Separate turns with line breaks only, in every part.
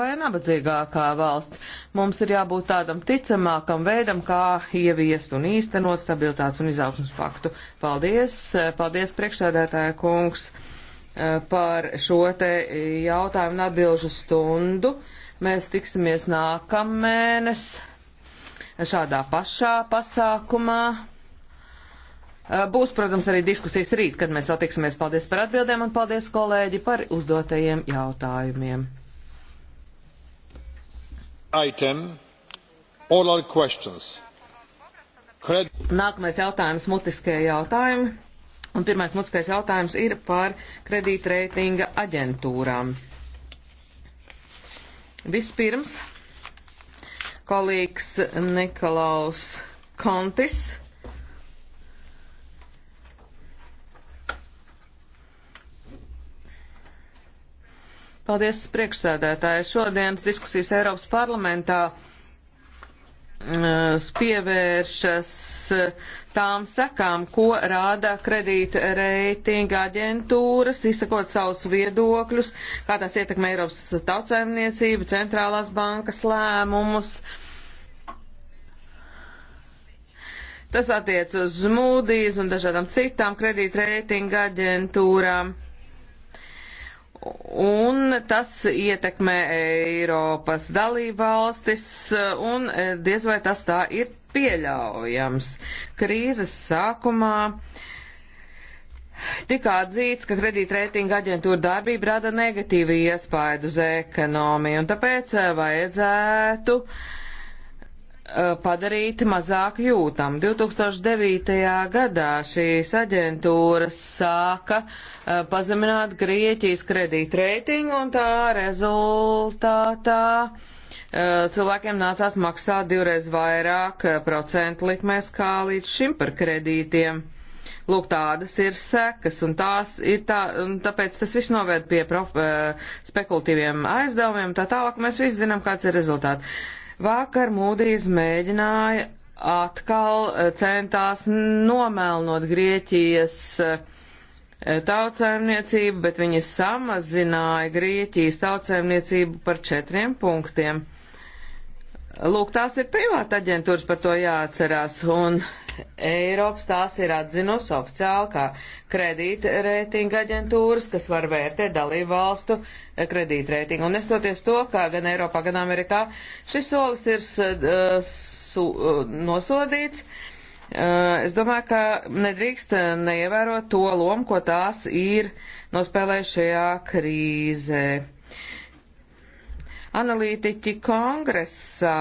vai nabadzīgākā valsts. Mums ir jābūt tādam ticamākam veidam, kā ieviest un īstenot stabilitātes un izaugsmas paktu. Paldies, paldies priekšsēdētāja kungs par šo te jautājumu un atbilžu stundu. Mēs tiksimies nākamēnes šādā pašā pasākumā. Būs, protams, arī diskusijas rīt, kad mēs satiksimies. Paldies par atbildēm un paldies kolēģi par uzdotajiem jautājumiem. Item, oral questions. Cred... Nākamais jautājums - mutiskie jautājumi. Un pirmais mutiskais jautājums ir par kredītreitinga aģentūrām. Vispirms kolīgs Nikolaus Kontis Paldies, priekšsēdētāji. Šodienas diskusijas Eiropas parlamentā mm, eh, pievēršas eh, tām sekām, ko rāda kredīta reitinga aģentūras, izsakot savus viedokļus, kā tās ietekmē Eiropas tautsēmniecību, centrālās bankas lēmumus. Tas attiec uz Moody's un dažādām citām kredīta reitinga aģentūrām. Un tas ietekmē Eiropas dalībvalstis, un e, diez vai tas tā ir pieļaujams. Krīzes sākumā uh, Tika atzīts, ka kredītreitinga aģentūra darbība rada negatīvu iespaidu uz ekonomiju, un tāpēc e, vajadzētu uh, Eh, padarīti mazāk jūtam. 2009. gadā šīs aģentūras sāka eh, pazemināt Grieķijas kredītreitingu un tā rezultātā eh, cilvēkiem nācās maksāt divreiz vairāk procentu likmēs kā līdz šim par kredītiem. Lūk, tādas ir sekas, un, ir tā, un tāpēc tas viss noved pie prof, spekulatīviem aizdevumiem, tā tālāk mēs visi zinām, kāds ir rezultāts. Uh, Vakar Mūdīs mēģināja atkal eh, centās nomēlnot Grieķijas eh, tautsēmniecību, bet viņi samazināja Grieķijas tautsēmniecību par četriem punktiem. Lūk, tās ir privāta aģentūras, par to jāatcerās, un uh, Eiropas tās ir atzinusi oficiāli kā kredītreitinga aģentūras, kas var vērtēt dalību valstu kredītreitingu. Un nestoties to, kā gan Eiropā, gan Amerikā, šis solis ir uh, su, uh, nosodīts. Uh, es domāju, ka nedrīkst neievērot to lomu, ko tās ir nospēlējušajā krīzē. Analītiķi kongresā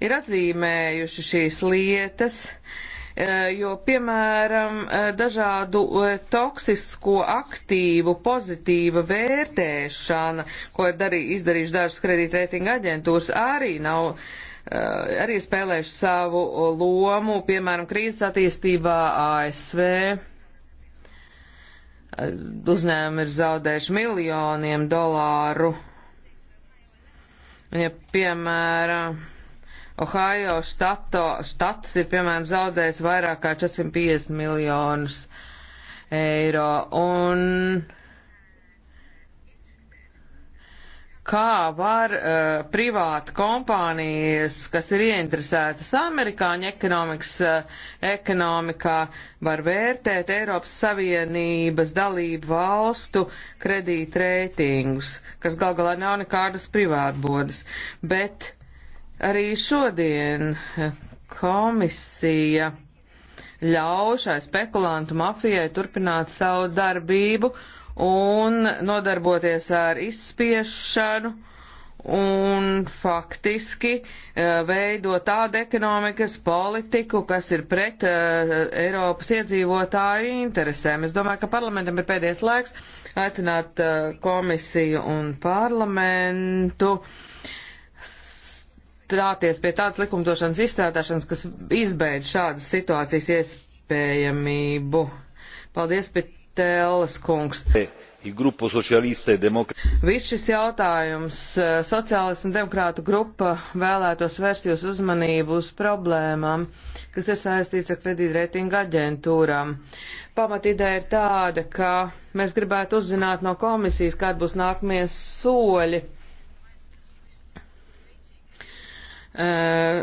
ir atzīmējuši šīs lietas, uh, Eh, jo, piemēram, eh, dažādu eh, toksisko aktīvu pozitīva vērtēšana, ko ir darī, izdarījuši dažas kredītreitinga aģentūras, arī nav arī spēlējuši savu lomu, piemēram, krīzes attīstībā ASV. Uzņēmumi ir zaudējuši miljoniem dolāru. Ja, piemēram, Ohio štato, štats ir, piemēram, zaudējis vairāk kā 450 miljonus eiro. Un kā var uh, privāta kompānijas, kas ir ieinteresētas amerikāņu ekonomikas uh, ekonomikā, var vērtēt Eiropas Savienības dalību valstu kredītreitingus, kas gal galā nav nekādas privātbodas. Bet Arī šodien komisija ļauj šai spekulantu mafijai turpināt savu darbību un nodarboties ar izspiešanu un faktiski eh, veido tādu ekonomikas politiku, kas ir pret uh, Eiropas iedzīvotāju interesēm. Es domāju, ka parlamentam ir pēdējais laiks aicināt uh, komisiju un parlamentu uh, strāties pie tādas likumdošanas izstrādāšanas, kas izbeidz šādas situācijas iespējamību. Paldies, Pitēlas kungs. E Viss šis jautājums eh, sociālistu un demokrātu grupa vēlētos vērst jūs uzmanību uz problēmām, kas ir saistīts ar kredītreitinga aģentūrām. Pamatideja ir tāda, ka mēs gribētu uzzināt no komisijas, kāda būs nākamie soļi Eh,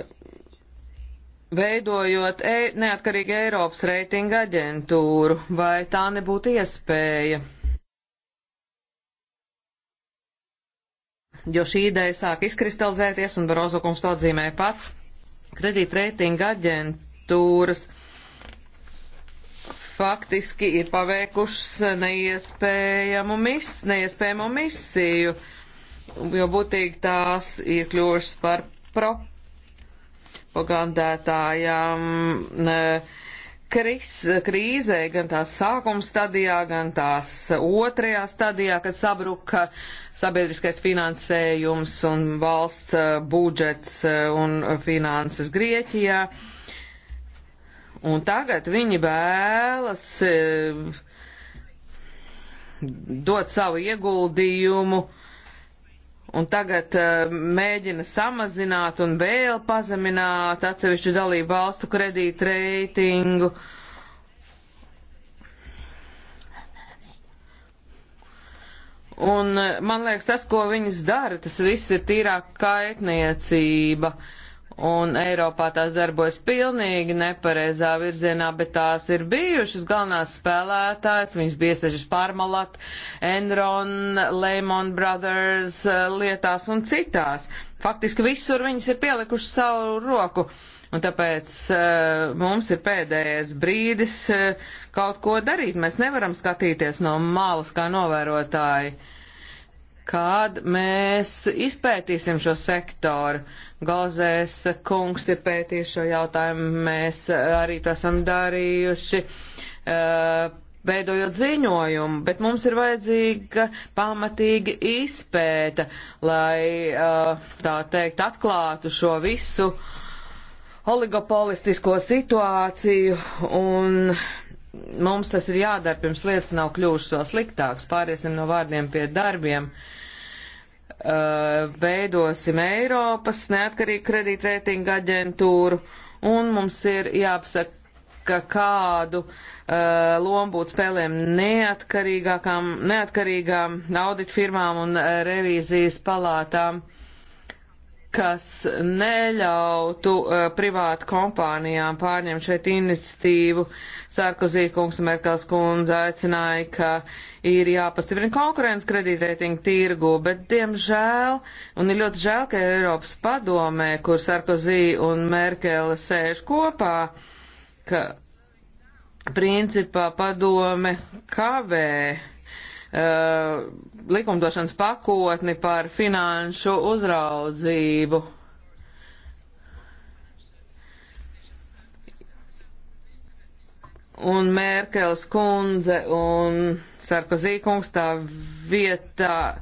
veidojot e neatkarīgu Eiropas reitinga aģentūru, vai tā nebūtu iespēja? Jo šī ideja sāk izkristalizēties, un Barozo kungs to atzīmē pats, kredītreitinga aģentūras faktiski ir paveikušas neiespējamu, mis, neiespējamu misiju, jo būtīgi tās ir kļuvušas par propagandētājām krīzē, gan tās sākuma stadijā, gan tās otrajā stadijā, kad sabruka sabiedriskais finansējums un valsts eh, budžets eh, un finanses Grieķijā. Un tagad viņi vēlas eh, dot savu ieguldījumu un tagad uh, mēģina samazināt un vēl pazemināt atsevišķu dalību valstu kredītu reitingu. Un uh, man liekas, tas, ko viņas dara, tas viss ir tīrāk kaitniecība. Uh, un Eiropā tās darbojas pilnīgi nepareizā virzienā, bet tās ir bijušas galvenās spēlētājas, viņas bija sežas Parmalat, Enron, Lehman Brothers eh, lietās un citās. Faktiski visur viņas ir pielikuši savu roku. Un tāpēc uh, mums ir pēdējais brīdis uh, kaut ko darīt. Mēs nevaram skatīties no malas kā novērotāji, kad mēs izpētīsim šo sektoru. Uh, Gauzēs kungs ir pētījis šo jautājumu, mēs arī to esam darījuši. Uh, veidojot ziņojumu, bet mums ir vajadzīga pamatīga izpēta, lai eh, tā teikt atklātu šo visu oligopolistisko situāciju un mums tas ir jādara, pirms lietas nav kļuvušas vēl sliktāks. Pāriesim no vārdiem pie darbiem. Uh, Uh, veidosim Eiropas neatkarīgu kredītreitingu aģentūru, un mums ir jāapsaka, ka kādu uh, lomu būtu spēlēm neatkarīgākām, neatkarīgām auditfirmām un uh, revīzijas palātām. Uh, kas neļautu uh, privātu kompānijām pārņemt šeit investīvu. Sarkozī kungs un Merkels kundze aicināja, ka ir jāpastiprina konkurence kredītreitinga tirgu, bet diemžēl, un ir ļoti žēl, ka Eiropas padomē, kur Sarkozī un Merkele sēž kopā, ka principā padome kavē uh, likumdošanas pakotni par finanšu uzraudzību. un Mērkels kundze un Sarkozī kungs tā vietā.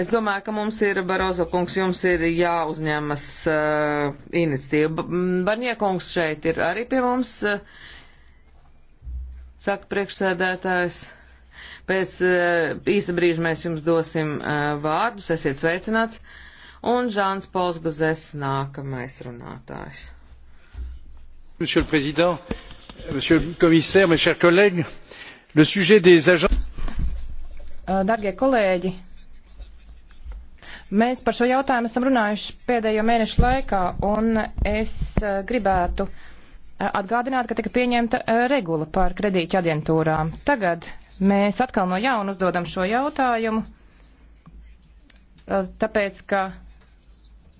Es domāju, ka mums ir, Barozo kungs, jums ir jāuzņemas uh, iniciatīva. Barņiekungs šeit ir arī pie mums, uh, saka priekšsēdētājs. Uh, Pēc eh, īsa brīža mēs jums dosim eh, vārdus, esiet sveicināts. Un Žāns Pols Guzes nākamais runātājs.
Monsieur le Président, Monsieur le Commissaire, mes chers collègues, le sujet des agents. Eh, darbie kolēģi, Mēs par šo jautājumu esam runājuši pēdējo mēnešu laikā, un es uh, gribētu uh, atgādināt, ka tika pieņemta uh, regula par kredīķa aģentūrām. Tagad Mēs atkal no jauna uzdodam šo jautājumu, eh, tāpēc, ka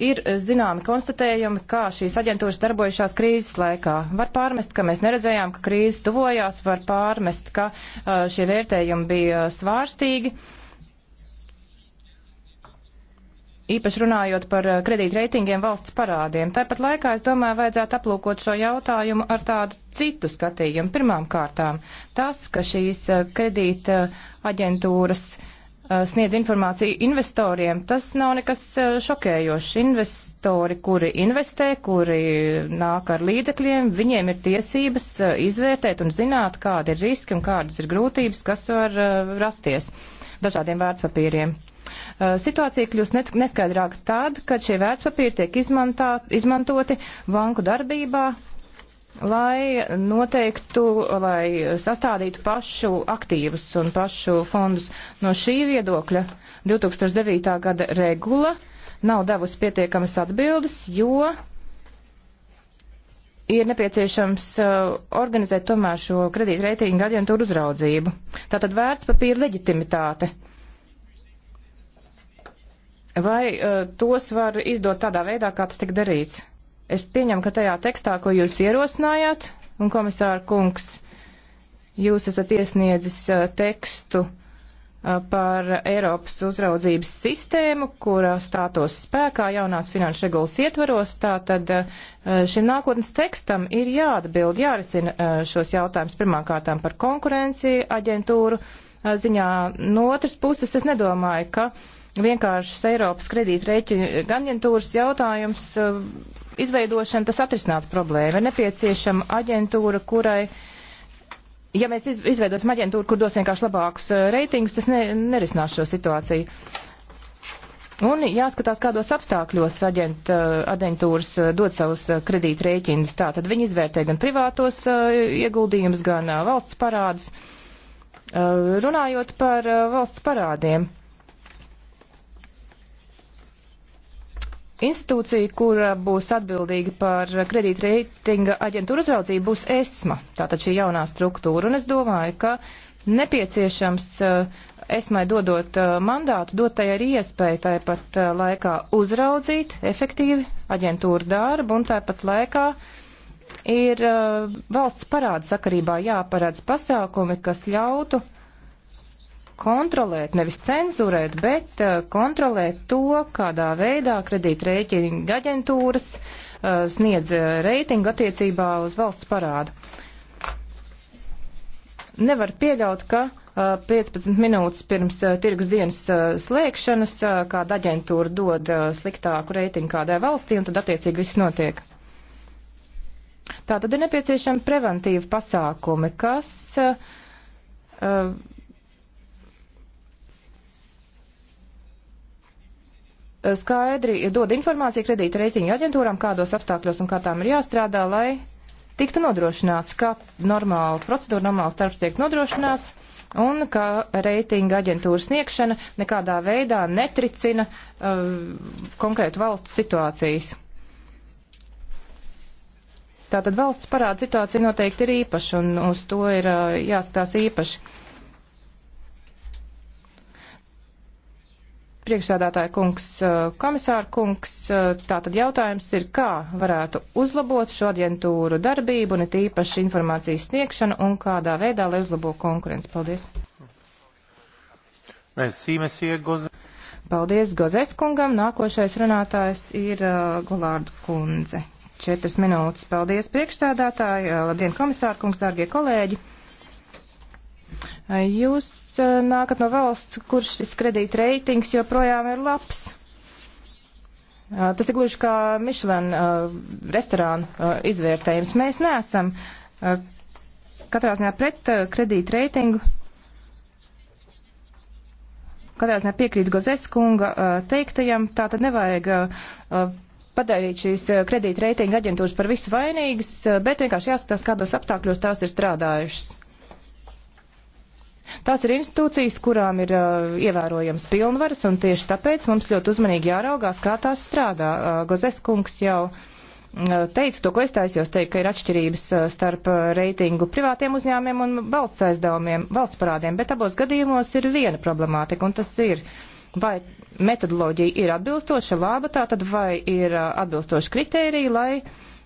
ir zināmi konstatējumi, kā šīs aģentūras darbojušās krīzes laikā. Var pārmest, ka mēs neredzējām, ka krīze tuvojās, var pārmest, ka eh, šie vērtējumi bija eh, svārstīgi. Uh, īpaši runājot par eh, kredītreitingiem valsts parādiem. Tāpat laikā, es domāju, vajadzētu aplūkot šo jautājumu ar tādu citu skatījumu. Pirmām kārtām tas, ka šīs eh, kredīta eh, aģentūras sniedz informāciju investoriem, tas nav nekas šokējošs. Investori, kuri investē, kuri nāk ar līdzekļiem, viņiem ir tiesības izvērtēt un zināt, kādi ir riski un kādas ir grūtības, kas var rasties dažādiem vērtspapīriem. Eh, situācija kļūst neskaidrāka tad, kad šie vērtspapīri tiek izmantā, izmantoti banku darbībā, lai noteiktu, lai sastādītu pašu aktīvus un pašu fondus. No šī viedokļa 2009. gada regula nav devusi pietiekamas atbildes, jo ir nepieciešams uh, organizēt tomēr šo kredītreitingu aģentūru uzraudzību. Tātad vērts papīra leģitimitāte. Uh, Vai uh, tos var izdot tādā veidā, kā tas tika darīts? Es pieņemu, ka tajā tekstā, ko jūs ierosinājāt, un komisāra kungs, jūs esat iesniedzis uh, tekstu uh, par Eiropas uzraudzības sistēmu, kura stātos spēkā jaunās finanšu regulas ietvaros, tātad uh, šim nākotnes tekstam ir jāatbild, jārisina uh, šos jautājumus pirmkārtām par konkurenci aģentūru uh, ziņā. No otras puses, es nedomāju, ka uh, vienkāršas Eiropas kredītreķiņu aģentūras jautājums eh, izveidošana, tas atrisinātu problēmu. Ir nepieciešama aģentūra, kurai, ja mēs izveidosim aģentūru, kur dos vienkārši labākus eh, reitingus, tas ne, nerisinās šo situāciju. Un jāskatās, kādos apstākļos aģent, eh, aģentūras dod savus kredītrēķinus. Tā tad viņi izvērtē gan privātos ieguldījumus, gan valsts parādus. Runājot par valsts parādiem, Institūcija, kura eh, būs atbildīga par kredītreitinga aģentūra uzraudzību, būs ESMA, tātad šī jaunā struktūra. Un es domāju, ka nepieciešams eh, ESMAI dodot eh, mandātu, dot tai arī iespēju tāpat laikā uzraudzīt efektīvi aģentūra darbu un tāpat laikā ir valsts parāda sakarībā jāparāds pasākumi, kas ļautu uh, kontrolēt, nevis cenzurēt, bet eh, kontrolēt to, kādā veidā kredītrēķina aģentūras eh, sniedz eh, reitingu attiecībā uz valsts parādu. Nevar pieļaut, ka 15 minūtes pirms tirgus dienas slēgšanas kāda aģentūra dod sliktāku reitingu kādai valstī, un tad attiecīgi viss notiek. Tā tad ir nepieciešama preventīva pasākumi, kas uh, skaidri dod informāciju kredīta reitingu aģentūrām, kādos apstākļos un kā tām ir jāstrādā, lai tiktu nodrošināts, ka normāla procedūra, normāls darbs tiek nodrošināts un ka reitinga aģentūra sniegšana nekādā veidā netricina uh, konkrētu valstu situācijas. Tātad valsts parāda situācija noteikti ir īpaša un uz to ir uh, jāskatās īpaši. Priekšsēdētāja kungs, komisāra kungs, tātad jautājums ir, kā varētu uzlabot šo aģentūru darbību, ne tīpaši informācijas sniegšanu un kādā veidā, lai uzlabo konkurenci. Paldies.
Merci, monsieur Gozes.
Paldies Gozes kungam. Nākošais runātājs ir uh, Golārda kundze. Četras minūtes. Paldies priekšsēdētāji. Labdien, komisāra kungs, dārgie kolēģi. Jūs eh, nākat no valsts, kur šis kredīta reitings joprojām ir labs. Eh, tas ir gluži kā Michelin eh, restorānu izvērtējums. Mēs neesam katrā ziņā pret kredīta reitingu. Katrā ziņā piekrīt Gozes kunga teiktajam, tā tad nevajag padarīt šīs kredīta reitinga aģentūras par visu vainīgas, bet vienkārši jāskatās, kādos apstākļos tās ir strādājušas. Tās ir institūcijas, kurām ir uh, ievērojams pilnvaras, un tieši tāpēc mums ļoti uzmanīgi jāraugās, kā tās strādā. Uh, Gozes kungs jau uh, teicu to, ko es taisījos teikt, ka ir atšķirības uh, starp uh, reitingu privātiem uzņēmiem un valsts aizdevumiem, valsts parādiem, bet abos gadījumos ir viena problemātika, un tas ir, vai metodoloģija ir atbilstoša, laba tā, tad vai ir atbilstoša kritērija, lai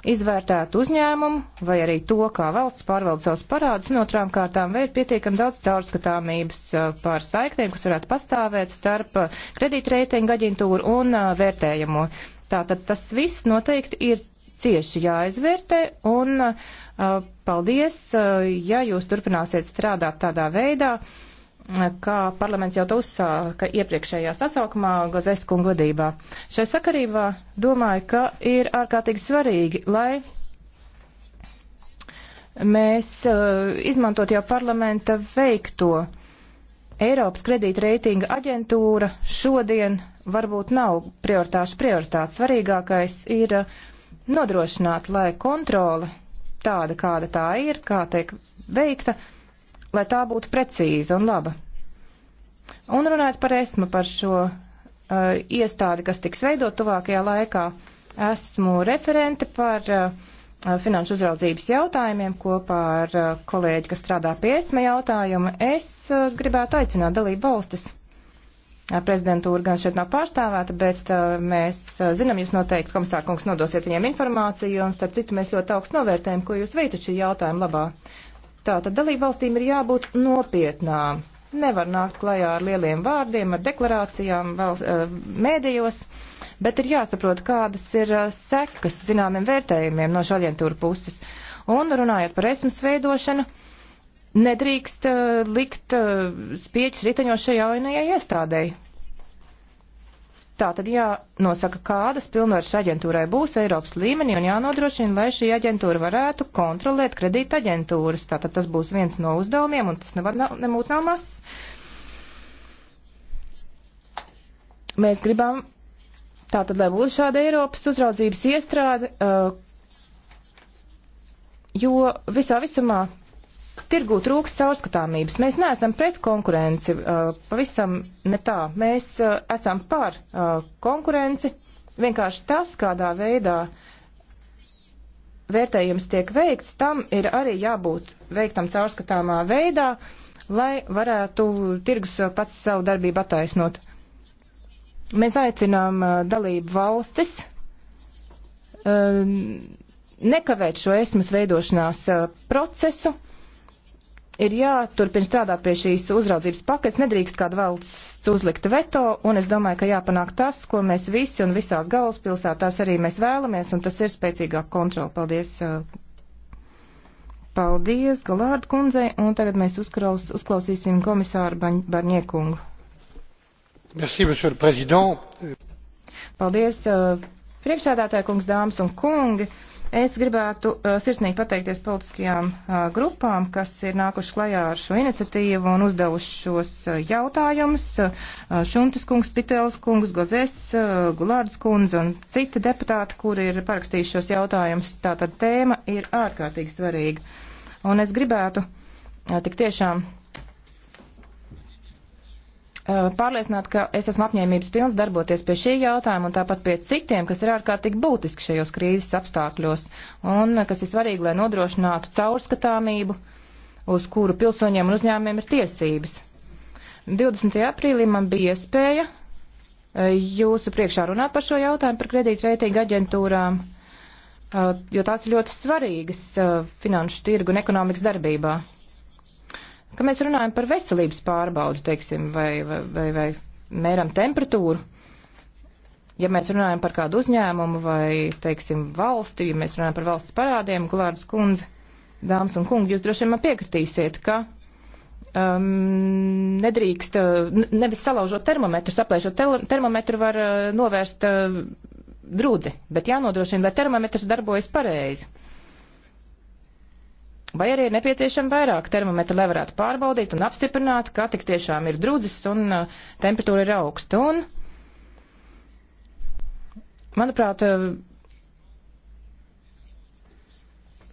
izvērtētu uzņēmumu vai arī to, kā valsts pārvalda savus parādus, un otrām kārtām veikt pietiekami daudz caurskatāmības uh, pār saiknēm, kas varētu pastāvēt starp uh, kredītreitingu aģentūru un uh, vērtējamo. Tātad tas viss noteikti ir cieši jāizvērtē, un paldies, ja jūs turpināsiet strādāt tādā veidā kā parlaments jau to uzsāka iepriekšējā sasaukumā Gozesku un godībā. Šai sakarībā domāju, ka ir ārkārtīgi svarīgi, lai mēs uh, izmantot jau parlamenta veikto. Eiropas kredītreitinga aģentūra šodien varbūt nav prioritāšu prioritāte. Svarīgākais ir eh, nodrošināt, lai kontrole tāda, kāda tā ir, kā tiek veikta, uh, lai tā būtu precīza un laba. Un runājot par esmu, par šo uh, iestādi, kas tiks veidot tuvākajā laikā, esmu referente par uh, finanšu uzraudzības jautājumiem kopā ar uh, kolēģi, kas strādā pie esma jautājuma. Es uh, gribētu aicināt dalību valstis. Uh, prezidentūra gan šeit nav pārstāvēta, bet uh, mēs uh, zinām, jūs noteikti, komisārkungs, nodosiet viņiem informāciju, un starp citu mēs ļoti augstu novērtējam, ko jūs veicat šī jautājuma labā. Uh, Tātad dalībvalstīm ir jābūt nopietnām. Nevar nākt klajā ar lieliem vārdiem, ar deklarācijām valsts, eh, mēdījos, bet ir jāsaprot, kādas ir eh, sekas zināmiem vērtējumiem no šaļientūra puses. Un runājot par esmas veidošanu, nedrīkst eh, likt spieķis riteņos šajā jaunajai iestādēji. Tā tad jānosaka, kādas pilnvaras aģentūrai būs Eiropas līmenī un jānodrošina, lai šī aģentūra varētu kontrolēt kredīta aģentūras. Tātad tas būs viens no uzdevumiem un tas nevar nemūt nav mazs. Mēs gribam, tātad, lai būtu šāda Eiropas uzraudzības iestrāde, uh, jo visā visumā Tirgū trūkst caurskatāmības. Mēs neesam pret konkurenci, uh, pavisam ne tā. Mēs uh, esam par uh, konkurenci. Vienkārši tas, kādā veidā vērtējums tiek veikts, tam ir arī jābūt veiktam caurskatāmā veidā, lai varētu tirgus pats savu darbību attaisnot. Mēs aicinām dalību valstis nekavēt šo esmas veidošanās procesu, ir jāturpina strādāt pie šīs uzraudzības paketes, nedrīkst kāda valsts uzlikt veto, un es domāju, ka jāpanāk tas, ko mēs visi un visās galvaspilsētās arī mēs vēlamies, un tas ir spēcīgāk kontrola. Paldies! Uh, paldies Galārdu kundzei, un tagad mēs uzkraus, uzklausīsim komisāru Barņiekungu.
Merci, monsieur le président.
Paldies, uh, priekšsēdētāja kungs, dāmas un kungi. Es gribētu uh, sirsnīgi pateikties politiskajām uh, grupām, kas ir nākuši klajā ar šo iniciatīvu un uzdevuši šos uh, jautājumus. Uh, Šuntas kungs, Pitels kungs, Gozes, uh, Gulārdas kundze un citi deputāti, kuri ir parakstījuši šos jautājumus. Tātad tēma ir ārkārtīgi svarīga. Un es gribētu uh, tik tiešām Eh, pārliecināta, ka es esmu apņēmības pilns darboties pie šī jautājuma un tāpat pie citiem, kas ir ārkārtīgi būtiski šajos krīzes apstākļos un kas ir svarīgi, lai nodrošinātu caurskatāmību, uz kuru pilsoņiem un uzņēmumiem ir tiesības. 20. aprīlī man bija iespēja eh, jūsu priekšā runāt par šo jautājumu par kredītreitīgu aģentūrām, eh, jo tās ir ļoti svarīgas finanšu tirgu un ekonomikas darbībā ka mēs runājam par veselības pārbaudu, teiksim, vai, vai, vai, vai mēram temperatūru. Ja mēs runājam par kādu uzņēmumu vai, teiksim, valsti, ja mēs runājam par valsts parādiem, Glārdas kundze, dāmas un kungi, jūs droši vien man piekritīsiet, ka um, nedrīkst, nevis salaužot termometru, saplēšot termometru var uh, novērst uh, drūdzi, bet jānodrošina, lai termometrs darbojas pareizi. Vai arī ir nepieciešama vairāk termometra, lai varētu pārbaudīt un apstiprināt, ka tik tiešām ir drudzis un uh, temperatūra ir augsta. Un, manuprāt, uh,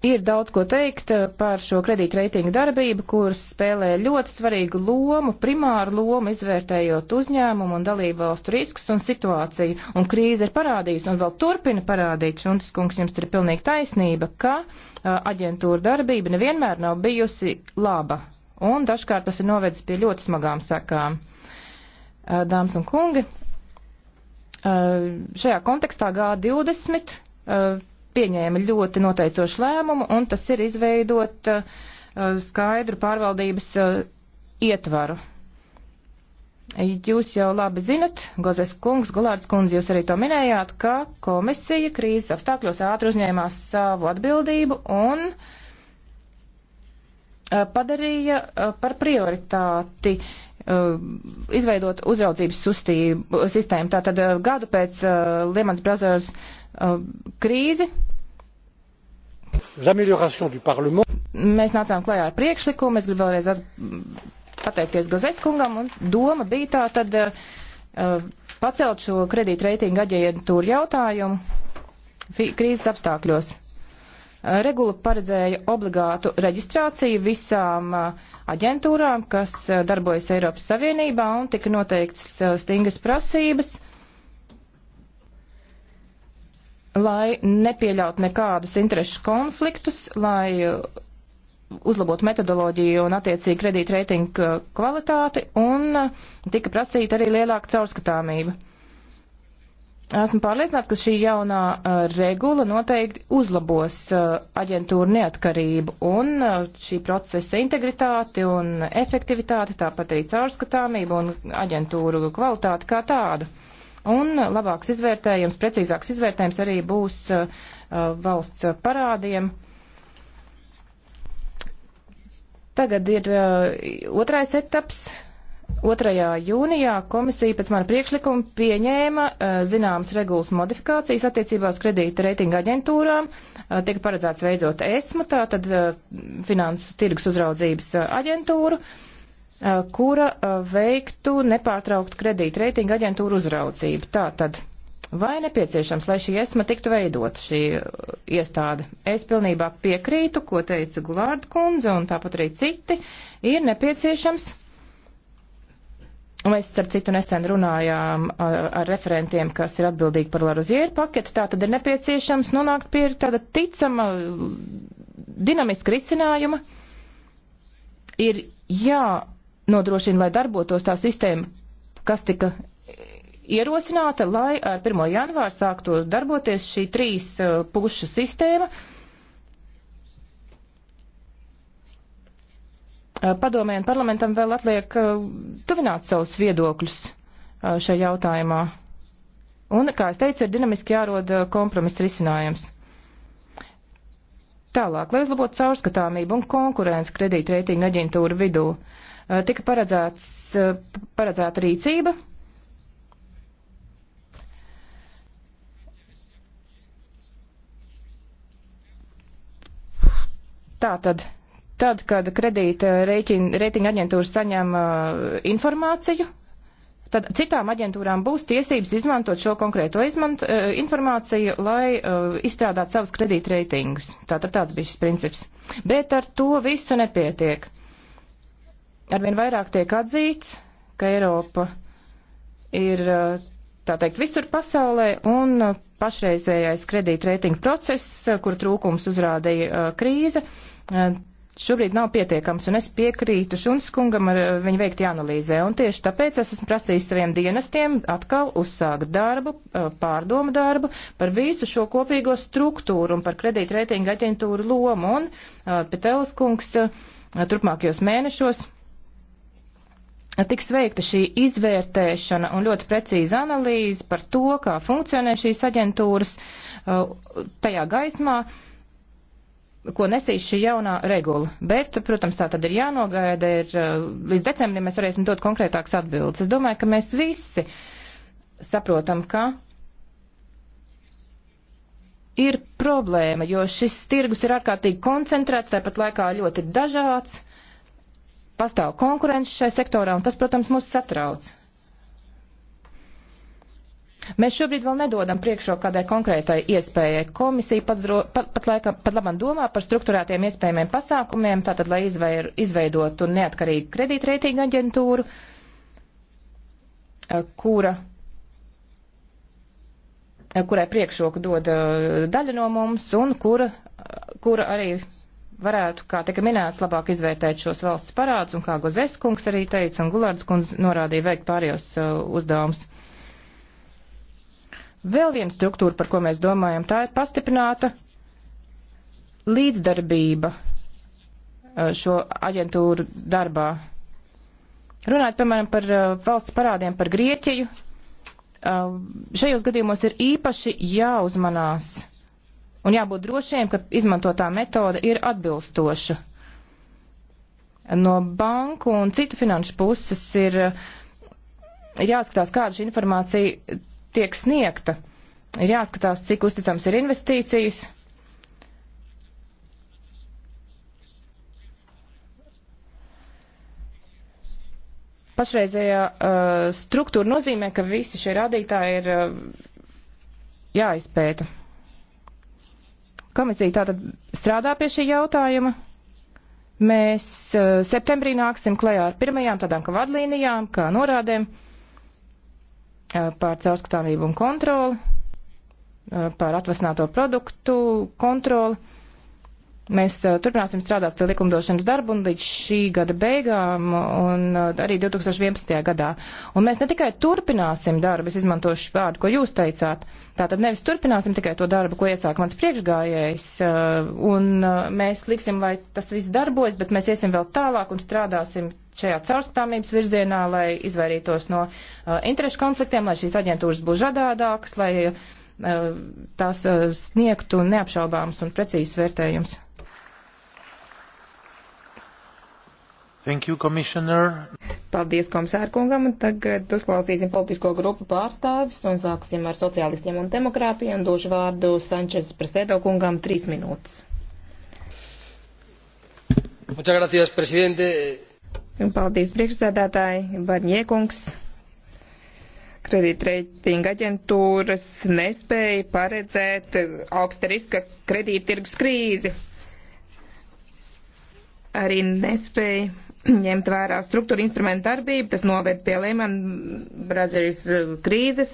Ir daudz ko teikt eh, par šo kredītreitingu darbību, kuras spēlē ļoti svarīgu lomu, primāru lomu, izvērtējot uzņēmumu un dalību valstu riskus un situāciju. Un krīze ir parādījusi un vēl turpina parādīt, Šuntis kungs, jums tur ir pilnīgi taisnība, ka eh, aģentūra darbība nevienmēr nav bijusi laba. Un dažkārt tas ir novedis pie ļoti smagām sakām. Eh, dāmas un kungi, šajā kontekstā G20 pieņēma ļoti noteicošu lēmumu, un tas ir izveidot uh, skaidru pārvaldības uh, ietvaru. Jūs jau labi zinat, Gozes kungs, Gulārds kundze, jūs arī to minējāt, ka komisija krīzes apstākļos ātri uzņēmās savu atbildību un uh, padarīja uh, par prioritāti uh, izveidot uzraudzības sistēmu. Tātad gadu pēc Liemans Brothers Uh, krīzi. Mēs nācām klajā ar priekšlikumu, es gribu vēlreiz pateikties Gazes kungam, un doma bija tā tad uh, uh pacelt šo kredītreitingu aģentūru jautājumu krīzes apstākļos. Uh, regula paredzēja obligātu reģistrāciju visām uh, aģentūrām, kas uh, darbojas Eiropas Savienībā, un tika noteikts stingas prasības lai nepieļaut nekādus interešu konfliktus, lai uzlabot metodoloģiju un attiecīgi kredītreitingu kvalitāti, un tika prasīta arī lielāka caurskatāmība. Esmu pārliecināts, ka šī jaunā uh, regula noteikti uzlabos uh, aģentūru neatkarību un uh, šī procesa integritāti un efektivitāti, tāpat arī caurskatāmību un aģentūru kvalitāti kā tādu. Un labāks izvērtējums, precīzāks izvērtējums arī būs uh, uh, valsts parādiem. Tagad ir uh, otrais etaps. 2. jūnijā komisija pēc mana priekšlikuma pieņēma zināmas regulas modifikācijas attiecībā uz kredīta reitinga aģentūrām. Tika paredzēts veidot ESMU, tātad Finansu tirgus uzraudzības aģentūru. Uh, Eh, kura eh, veiktu nepārtrauktu kredītu reitingu aģentūru uzraudzību. Tā tad, vai nepieciešams, lai šī esma tiktu veidot šī eh, iestāde? Es pilnībā piekrītu, ko teica Gulārda kundze un tāpat arī citi, ir nepieciešams. Mēs, starp citu, nesen runājām ar referentiem, kas ir atbildīgi par Laruzieru paketu, tā tad ir nepieciešams nonākt pie tāda ticama, dinamiska risinājuma. Ir jā nodrošina, lai darbotos tā sistēma, kas tika ierosināta, lai ar 1. janvāru sāktu darboties šī trīs uh, pušu sistēma. Uh, Padomē un parlamentam vēl atliek uh, tuvināt savus viedokļus uh, šajā jautājumā. Un, kā es teicu, ir dinamiski jārod uh, kompromiss risinājums. Tālāk, lai uzlabotu caurskatāmību un konkurences kredītreitinga aģentūra vidū. Uh, Eh, tika paredzēts, eh, paredzēta rīcība. Tātad, tad, kad kredīta eh, reitinga aģentūra saņem uh, informāciju, tad citām aģentūrām būs tiesības izmantot šo konkrēto izmant, uh, informāciju, lai uh, izstrādātu savus kredīta reitingus. Tātad tāds bija šis princips. Bet ar to visu nepietiek. Uh, arvien vairāk tiek atzīts, ka Eiropa ir, tā teikt, visur pasaulē, un pašreizējais kredītreitinga process, kur trūkums uzrādīja krīze, šobrīd nav pietiekams, un es piekrītu Šunskungam ar viņu veikti analīzē, un tieši tāpēc es esmu prasījis saviem dienestiem atkal uzsākt darbu, pārdomu darbu par visu šo kopīgo struktūru un par kredītreitinga aģentūru lomu, un Pitēlis kungs turpmākajos mēnešos tiks veikta šī izvērtēšana un ļoti precīza analīze par to, kā funkcionē šīs aģentūras uh, tajā gaismā, ko nesīs šī jaunā regula. Bet, protams, tā tad ir jānogaida, ir uh, līdz decembrim mēs varēsim dot konkrētākas atbildes. Es domāju, ka mēs visi saprotam, ka ir problēma, jo šis tirgus ir ārkārtīgi koncentrēts, tāpat laikā ļoti dažāds. Uh, pastāv konkurence šai sektorā, un tas, protams, mūs satrauc. Mēs šobrīd vēl nedodam priekšroku kādai konkrētai iespējai. Komisija pat, dro, pat, pat, laikam, pat labam domā par struktūrētiem iespējamiem pasākumiem, tātad, lai izvair, izveidotu neatkarīgu kredītreitinga aģentūru, eh, kura, eh, kurai priekšroku dod eh, daļa no mums un kura, kura arī varētu, kā tika minēts, labāk izvērtēt šos valsts parādus, un kā Gozes kungs arī teica, un Gulārds kungs norādīja veikt pārējos uh, uzdevumus. Vēl viena struktūra, par ko mēs domājam, tā ir pastiprināta līdzdarbība uh, šo aģentūru darbā. Runājot, piemēram, par uh, valsts parādiem par Grieķiju, uh, šajos gadījumos ir īpaši jāuzmanās un jābūt drošiem, ka izmantotā metode ir atbilstoša. No banku un citu finanšu puses ir jāskatās, kāda šī informācija tiek sniegta. Ir jāskatās, cik uzticams ir investīcijas, pašreizējā uh, struktūra nozīmē, ka visi šie rādītāji ir uh, jāizpēta. Komisija tātad strādā pie šī jautājuma. Mēs eh, septembrī nāksim klajā ar pirmajām tādām kā vadlīnijām, kā norādēm eh, par caurskatāmību un kontroli, eh, par atvasināto produktu kontroli Mēs uh, turpināsim strādāt pie likumdošanas darbu un līdz šī gada beigām un uh, arī 2011. gadā. Un mēs ne tikai turpināsim darbu, es izmantošu vārdu, ko jūs teicāt, tātad nevis turpināsim tikai to darbu, ko iesāk mans priekšgājējs, uh, un mēs liksim, lai tas viss darbojas, bet mēs iesim vēl tālāk un strādāsim šajā caurskatāmības virzienā, lai izvairītos no interešu konfliktiem, lai šīs aģentūras būtu žadādākas, lai tās sniegtu neapšaubāms un precīzs vērtējums.
Thank you, Commissioner.
Paldies komisārkungam. Tagad uzklausīsim politisko grupu pārstāvis un sāksim ar sociālistiem un demokrātiem. Došu vārdu Sančes Presedo kungam trīs minūtes.
Muchas gracias, presidente.
Paldies, priekšsēdētāji. Barņiekungs kredītreitinga aģentūras nespēja paredzēt augsta riska kredīttirgus krīzi. Arī nespēja ņemt vērā struktūra instrumentu darbību, tas noved pie Lehman Brothers uh, krīzes.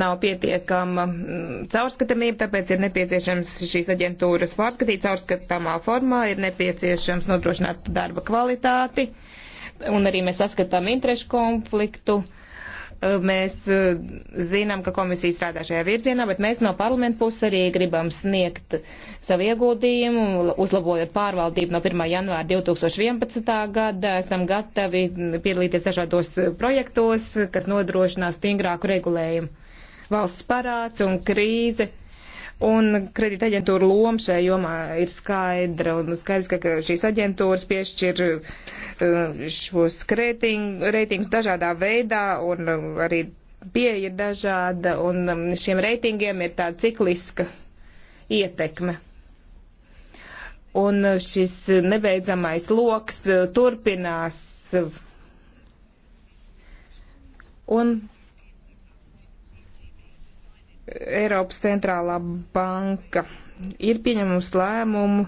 Nav pietiekama mm, caurskatāmība, tāpēc ir nepieciešams šīs aģentūras pārskatīt caurskatāmā formā, ir nepieciešams nodrošināt darba kvalitāti, un arī mēs saskatām interešu konfliktu. Uh, Mēs e, zinām, ka komisija strādā šajā virzienā, bet mēs no parlamenta puses arī gribam sniegt savu ieguldījumu, uzlabojot pārvaldību no 1. janvāra 2011. gada. Esam gatavi piedalīties dažādos projektos, kas nodrošinās stingrāku regulējumu. Valsts parāds un krīze Un kredīta aģentūra loma šajā jomā ir skaidra, un skaidrs, ka šīs aģentūras piešķir uh, šos reiting, reitingus dažādā veidā, un uh, arī pieeja ir dažāda, un um, šiem reitingiem ir tāda cikliska ietekme. Un uh, šis nebeidzamais loks turpinās. Un Eiropas centrālā banka ir pieņemusi lēmumu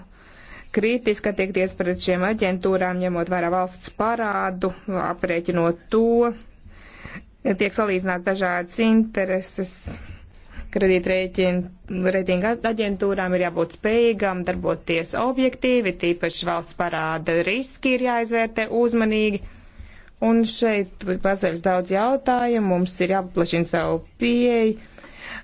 kritiski attiekties pret šiem aģentūrām, ņemot vērā valsts parādu, aprēķinot to, tiek salīdzināt dažādas intereses. Kredītreitinga aģentūrām ir jābūt spējīgām darboties objektīvi, tīpaši valsts parāda riski ir jāizvērtē uzmanīgi. Un šeit paceļas daudz jautājumu, mums ir jāpaplašina savu pieeju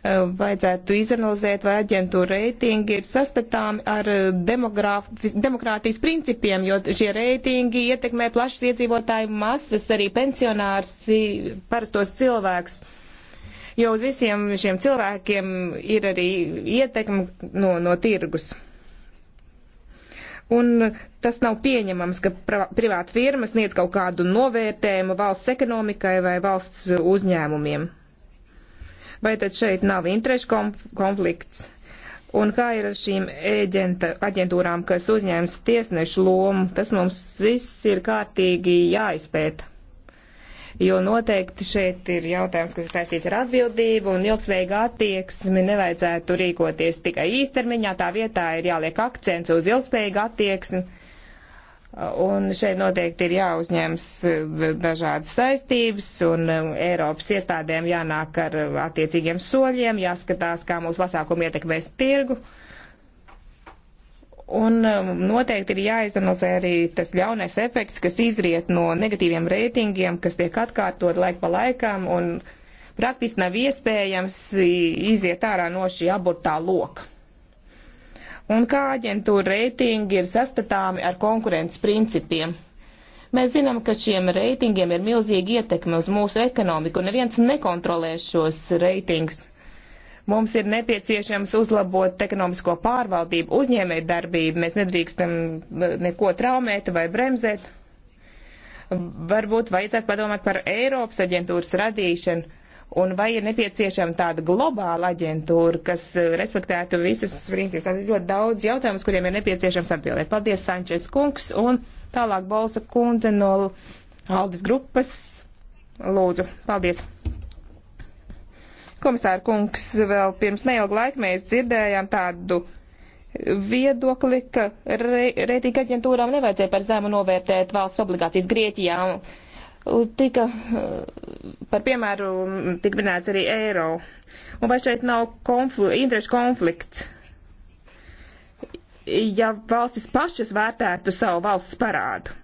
Eh, vajadzētu izanalizēt, vai aģentūra reitingi ir sastatāmi ar eh, demokrātijas principiem, jo šie reitingi ietekmē plašas iedzīvotāju masas, arī pensionārs, parastos cilvēkus. Jo uz visiem šiem cilvēkiem ir arī ietekme no, no tirgus. Un tas nav pieņemams, ka privāta firma sniedz kaut kādu novērtējumu valsts ekonomikai vai valsts uzņēmumiem. Vai tad šeit nav interešu konflikts? Un kā ir ar šīm ēģenta, aģentūrām, kas uzņēmas tiesnešu lomu, tas mums viss ir kārtīgi jāizpēta. Jo noteikti šeit ir jautājums, kas ir saistīts ar atbildību un ilgsveigu attieksmi. Nevajadzētu rīkoties tikai īstermiņā, tā vietā ir jāliek akcents uz ilgsveigu attieksmi Un šeit noteikti ir jāuzņems eh, dažādas saistības, un eh, Eiropas iestādēm jānāk ar eh, attiecīgiem soļiem, jāskatās, kā mūsu pasākumi ietekmēs tirgu. Un noteikti ir jāizanalizē arī tas ļaunais efekts, kas izriet no negatīviem reitingiem, kas tiek atkārtot laik pa laikam, un praktiski nav iespējams iziet ārā no šī aburtā loka un kā aģentūra reitingi ir sastatāmi ar konkurences principiem. Mēs zinām, ka šiem reitingiem ir milzīga ietekme uz mūsu ekonomiku, un neviens nekontrolē šos reitingus. Mums ir nepieciešams uzlabot ekonomisko pārvaldību, uzņēmēt darbību, mēs nedrīkstam uh, neko traumēt vai bremzēt. Varbūt vajadzētu padomāt par Eiropas aģentūras radīšanu Un vai ir nepieciešama tāda globāla aģentūra, kas eh, respektētu visus principus? Tad ir ļoti daudz jautājumu, uz kuriem ir nepieciešams atbildēt. Paldies, Sančes kungs, un tālāk Bolsa kundze no Aldis grupas. Lūdzu, paldies. Komisāra kungs, vēl pirms neilga laika mēs dzirdējām tādu viedokli, ka re, reitinga aģentūrām nevajadzēja par zemu novērtēt valsts obligācijas Grieķijā. Un,
tika eh,
par piemēru tik minēts arī eiro. Un vai šeit nav konfl interešu konflikts? Ja valstis pašas vērtētu savu valsts parādu.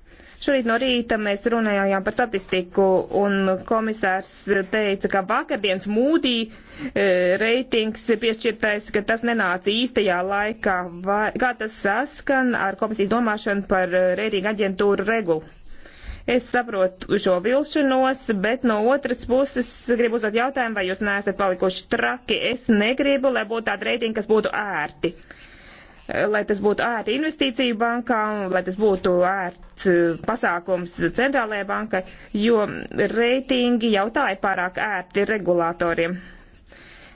Šorīt no rīta mēs runājām par statistiku, un komisārs teica, ka vakardienas mūdī e, eh, reitings piešķirtais, ka tas nenāca īstajā laikā. Vai, kā tas saskan ar komisijas domāšanu par eh, reitinga aģentūru regulu? Es saprotu šo vilšanos, bet no otras puses gribu uzdot jautājumu, vai jūs neesat palikuši traki. Es negribu, lai būtu tāda reitinga, kas būtu ērti. Lai tas būtu ērti investīciju bankām, lai tas būtu ērts eh, pasākums centrālajai bankai, jo reitingi jau tā ir pārāk ērti regulātoriem.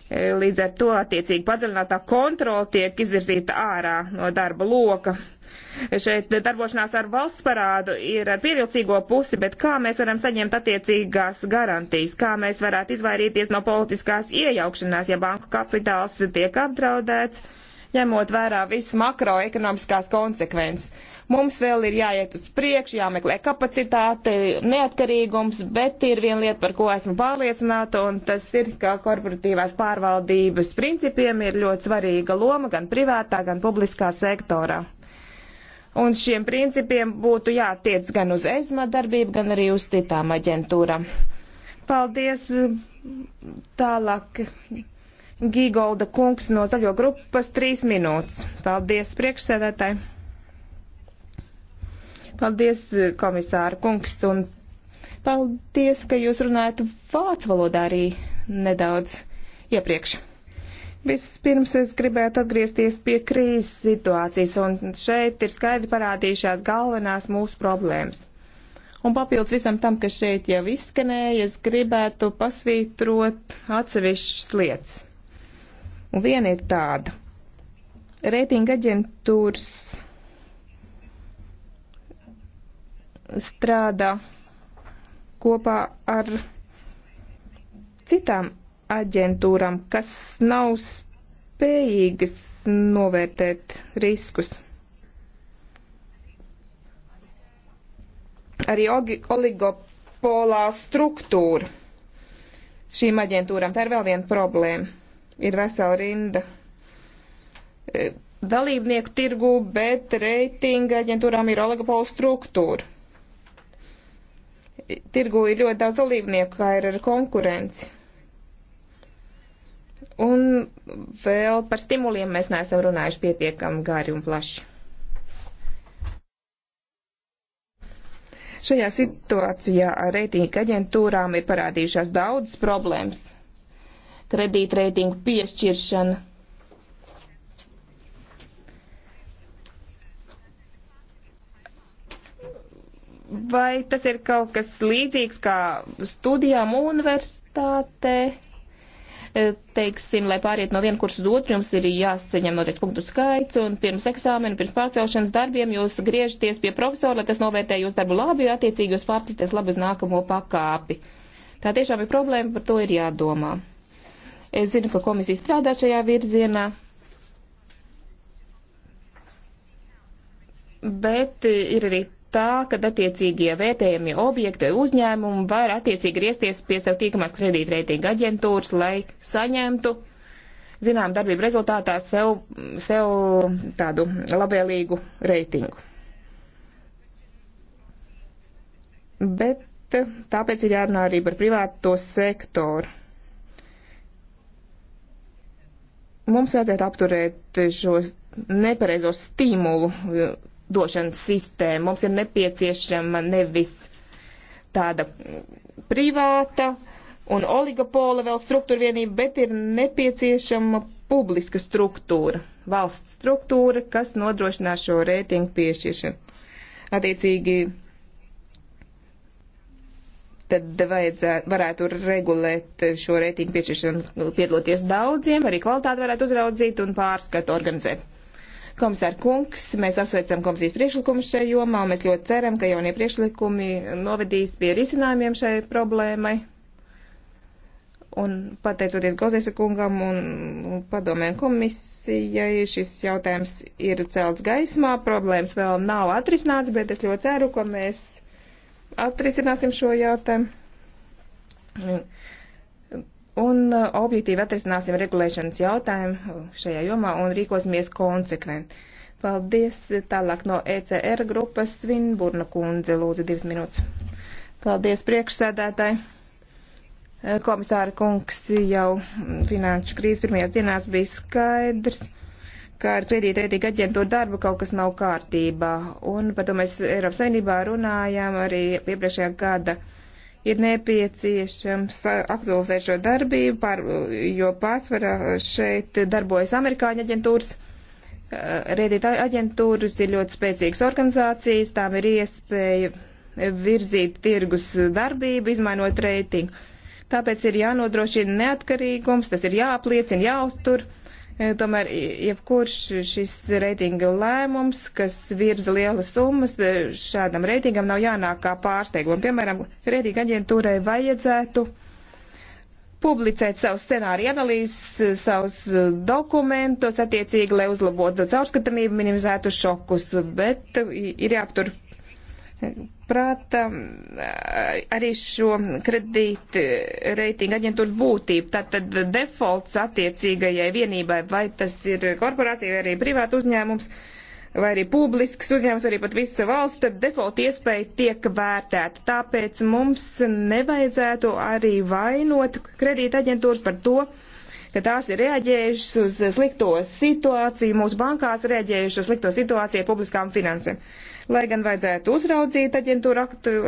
Eh, līdz ar to attiecīgi padziļinātā kontrola tiek izvirzīta ārā no darba loka šeit darbošanās ar valsts parādu ir ar pievilcīgo pusi, bet kā mēs varam saņemt attiecīgās garantijas, kā mēs varētu izvairīties no politiskās iejaukšanās, ja banku kapitāls tiek apdraudēts, ņemot vērā visas makroekonomiskās konsekvences. Mums vēl ir jāiet uz priekšu, jāmeklē kapacitāte, neatkarīgums, bet ir viena lieta, par ko esmu pārliecināta, un tas ir, ka korporatīvās pārvaldības principiem ir ļoti svarīga loma gan privātā, gan publiskā sektorā. Un šiem principiem būtu jātiec gan uz ESMA darbību, gan arī uz citām aģentūram. Paldies! Tālāk Gīgolda kungs no zaļo grupas trīs minūtes. Paldies priekšsēdētāji! Paldies, komisāra kungs, un paldies, ka jūs runājat vācu valodā arī nedaudz iepriekš. Vispirms es gribētu atgriezties pie krīzes situācijas, un šeit ir skaidri parādījušās galvenās mūsu problēmas. Un papildus visam tam, kas šeit jau izskanēja, es gribētu pasvītrot atsevišķas lietas. Un viena ir tāda. Reitinga aģentūrs strādā kopā ar citām aģentūram, kas nav spējīgas novērtēt riskus. Arī oligopolā struktūra šīm aģentūram, tā ir vēl viena problēma. Ir vesela rinda e, dalībnieku tirgu, bet reitinga aģentūrām ir oligopola struktūra. Tirgu ir ļoti daudz dalībnieku, kā ir ar konkurenci Un vēl par stimuliem mēs neesam runājuši pietiekami gari un plaši. Šajā situācijā ar reitinga aģentūrām ir parādījušās daudzas problēmas. Kredītreitingu piešķiršana. Vai tas ir kaut kas līdzīgs kā studijām universitātē? Eh, teiksim, lai pāriet no viena kursa uz otru, jums ir jāsaņem noteikts punktu skaits, un pirms eksāmena, pirms pārcelšanas darbiem jūs griežaties pie profesora, lai tas novērtē jūsu darbu labi, attiecīgi jūs pārslīties labi uz nākamo pakāpi. Tā tiešām ir problēma, par to ir jādomā. Es zinu, ka komisija strādā šajā virzienā, bet ir arī tā, ka attiecīgie vērtējumie objekti vai uzņēmumi var attiecīgi griezties pie sev tīkamās kredītreitinga aģentūras, lai saņemtu, zinām, darbību rezultātā sev, sev tādu labvēlīgu reitingu. Bet tāpēc ir jārunā arī par privāto sektoru. Mums vajadzētu apturēt šos nepareizos stimulu došanas sistēma. Mums ir nepieciešama nevis tāda privāta un oligopola vēl struktūra vienība, bet ir nepieciešama publiska struktūra, valsts struktūra, kas nodrošinās šo rētingu piešķiršanu. Attiecīgi, tad varētu regulēt šo rētingu piešķiršanu, piedaloties daudziem, arī kvalitāti varētu uzraudzīt un pārskatu organizēt. Komisāra kungs, mēs apsveicam komisijas priekšlikumus šajā jomā, un mēs ļoti ceram, ka jaunie priekšlikumi novedīs pie risinājumiem šai problēmai. Un pateicoties Gozesa kungam un padomēm komisijai, šis jautājums ir celts gaismā, problēmas vēl nav atrisināts, bet es ļoti ceru, ka mēs atrisināsim šo jautājumu un uh, objektīvi atrisināsim regulēšanas jautājumu uh, šajā jomā un rīkosimies konsekventi. Paldies uh, tālāk no ECR grupas Svinburna kundze, lūdzu divas minūtes. Paldies priekšsēdētāji. Komisāra kungs jau mm, finanšu krīzes pirmajās dienās bija skaidrs, ka ar kredītreitīgu aģentu darbu kaut kas nav kārtībā. Un par to mēs Eiropas Savienībā runājām arī iepriekšējā gada uh, ir nepieciešams aktualizēt šo darbību, pār, jo pārsvarā šeit darbojas amerikāņu aģentūras. Eh, Rēdītāju aģentūras ir ļoti spēcīgas organizācijas, tām ir iespēja virzīt tirgus darbību, izmainot reitingu. Tāpēc ir jānodrošina neatkarīgums, tas ir jāapliecina, jāuztur. Uh, E, tomēr jebkurš šis reitinga lēmums, kas virza lielas summas, e, šādam reitingam nav jānāk kā pārsteigumam. Piemēram, reitinga aģentūrai vajadzētu publicēt savus scenāriju analīzes, e, savus dokumentus attiecīgi, lai uzlabotu caurskatamību, minimizētu šokus, bet ir jāaptur prāta um, arī šo kredīti uh, reitinga aģentūras būtību. Tātad defaults attiecīgajai vienībai, vai tas ir korporācija, vai arī privāta uzņēmums, vai arī publisks uzņēmums, vai arī pat visa valsts, tad defaulta iespēja tiek vērtēta. Tāpēc mums nevajadzētu arī vainot kredīta aģentūras par to, ka tās ir reaģējušas uz slikto situāciju, mūsu bankās reaģējušas uz slikto situāciju publiskām finansēm. Lai gan vajadzētu uzraudzīt aģentūra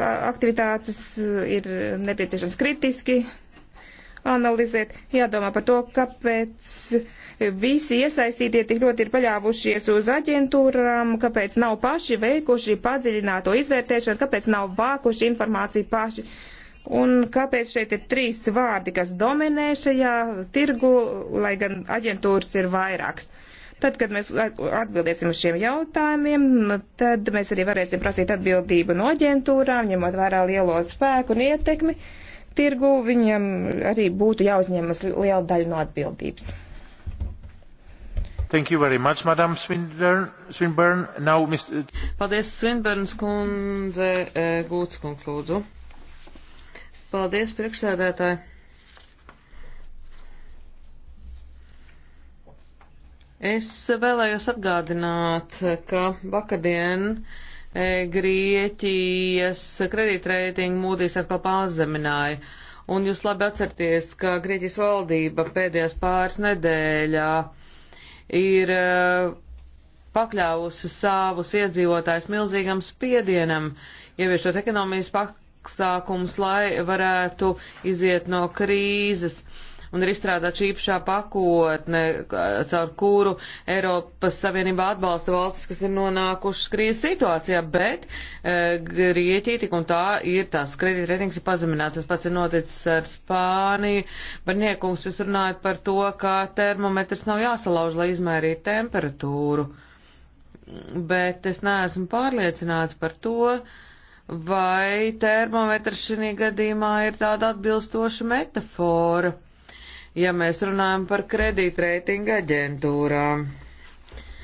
aktivitātes, ir nepieciešams kritiski analizēt, jādomā par to, kāpēc visi iesaistītie tik ļoti ir paļāvušies uz aģentūrām, kāpēc nav paši veikuši padziļināto izvērtēšanu, kāpēc nav vākuši informāciju paši. Un kāpēc šeit ir trīs vārdi, kas dominē šajā tirgu, lai gan aģentūras ir vairākas? Tad, kad mēs atbildēsim uz šiem jautājumiem, tad mēs arī varēsim prasīt atbildību no aģentūrām, ņemot vērā lielo spēku un ietekmi tirgu, viņam arī būtu jāuzņemas liela daļa no atbildības.
Thank you very much, Madam Swinburne. Swinburne. Now, Mr. Paldies, Swinburns kundze, eh, Gūts kungs, lūdzu. Paldies, priekšsēdētāji. Es vēlējos atgādināt, ka vakardien e, Grieķijas kredītreitingu mūdīs atkal pāzemināja. Un jūs labi atcerieties, ka Grieķijas valdība pēdējās pāris nedēļā ir e, pakļāvusi savus iedzīvotājus milzīgam spiedienam, ieviešot ekonomijas pasākumus, lai varētu iziet no krīzes. Uh, un ir izstrādāta šī īpašā pakotne, caur kuru Eiropas Savienībā atbalsta valstis, kas ir nonākušas krīzes situācijā, bet e, Grieķija tik un tā ir tās kredītreitings ir pazemināts. Tas pats ir noticis ar Spāniju. Barniekums, jūs runājat par to, ka termometrs nav jāsalauž, lai izmērītu temperatūru. Bet es neesmu pārliecināts par to, vai termometrs šī gadījumā ir tāda atbilstoša metafora. Uh, ja mēs runājam par kredītreitinga aģentūrām.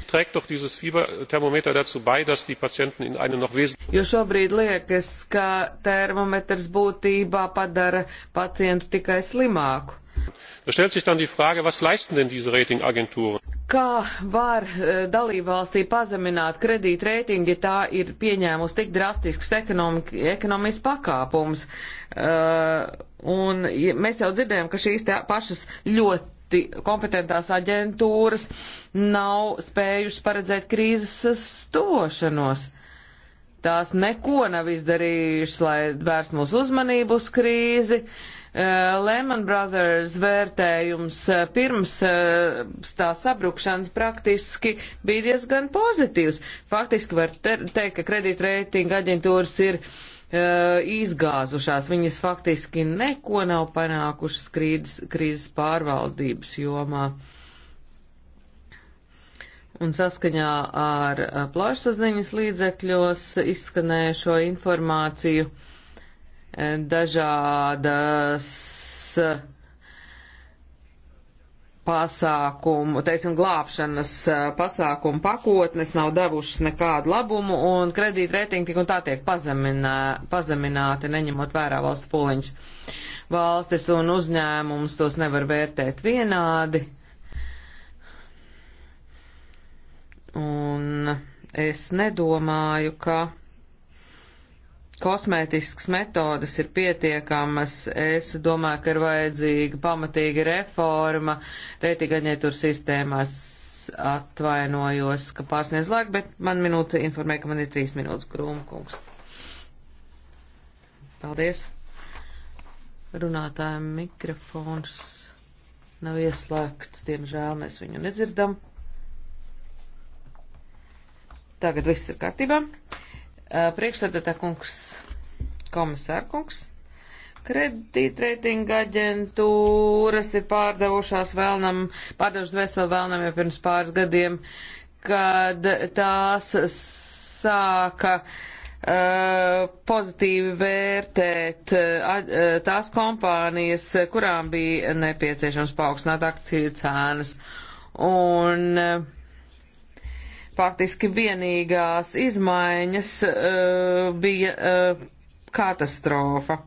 Trägt doch dieses Fieberthermometer dazu bei, dass die Patienten in einem noch wesentlich. Jo šobrīd liekas, ka termometrs būtībā padara pacientu tikai slimāku. Da stellt sich dann die Frage, was leisten denn diese Ratingagenturen? Kā var e, dalībvalstī pazemināt kredītreitingi, ja tā ir pieņēmusi tik drastiskus ekonomiskus pakāpumus? Uh, Uh, un mēs jau dzirdējam, ka šīs pašas ļoti ļoti kompetentās aģentūras nav spējušas paredzēt krīzes stošanos. Tās neko nav izdarījušas, lai vērst mūsu uzmanību uz krīzi. Uh, Lehman Brothers vērtējums uh, pirms uh, tā sabrukšanas praktiski bija diezgan pozitīvs. Faktiski var te teikt, ka kredītreitinga aģentūras ir uh, E, izgāzušās. Viņas faktiski neko nav panākušas krīzes, krīzes pārvaldības jomā. Un saskaņā ar e, plašsaziņas līdzekļos izskanējušo informāciju e, dažādas pasākumu, teiksim, glābšanas pasākumu pakotnes nav devušas nekādu labumu, un kredītreitingi tik un tā tiek pazeminā, pazemināti, neņemot vērā valsts puliņš. Valstis un uzņēmums tos nevar vērtēt vienādi. Un es nedomāju, ka kosmētiskas metodas ir pietiekamas. Es domāju, ka ir vajadzīga pamatīga reforma reitingaģentūra sistēmās. Atvainojos, ka pārsniedz laiku, bet man minūte informē, ka man ir trīs minūtes krūmkungs. Paldies. Runātājiem mikrofons nav ieslēgts, diemžēl mēs viņu nedzirdam. Tagad viss ir kārtībā. Uh, Uh, Priekšstādātā kungs, komisārkungs, kredītreitinga aģentūras ir pārdevušās vēlnam, pārdevušas veselu vēlnam jau pirms pāris gadiem, kad tās sāka uh, pozitīvi vērtēt uh, uh tās kompānijas, kurām bija nepieciešams paaugstināt akciju cēnas. Un uh, faktiski vienīgās izmaiņas uh, bija uh, katastrofa.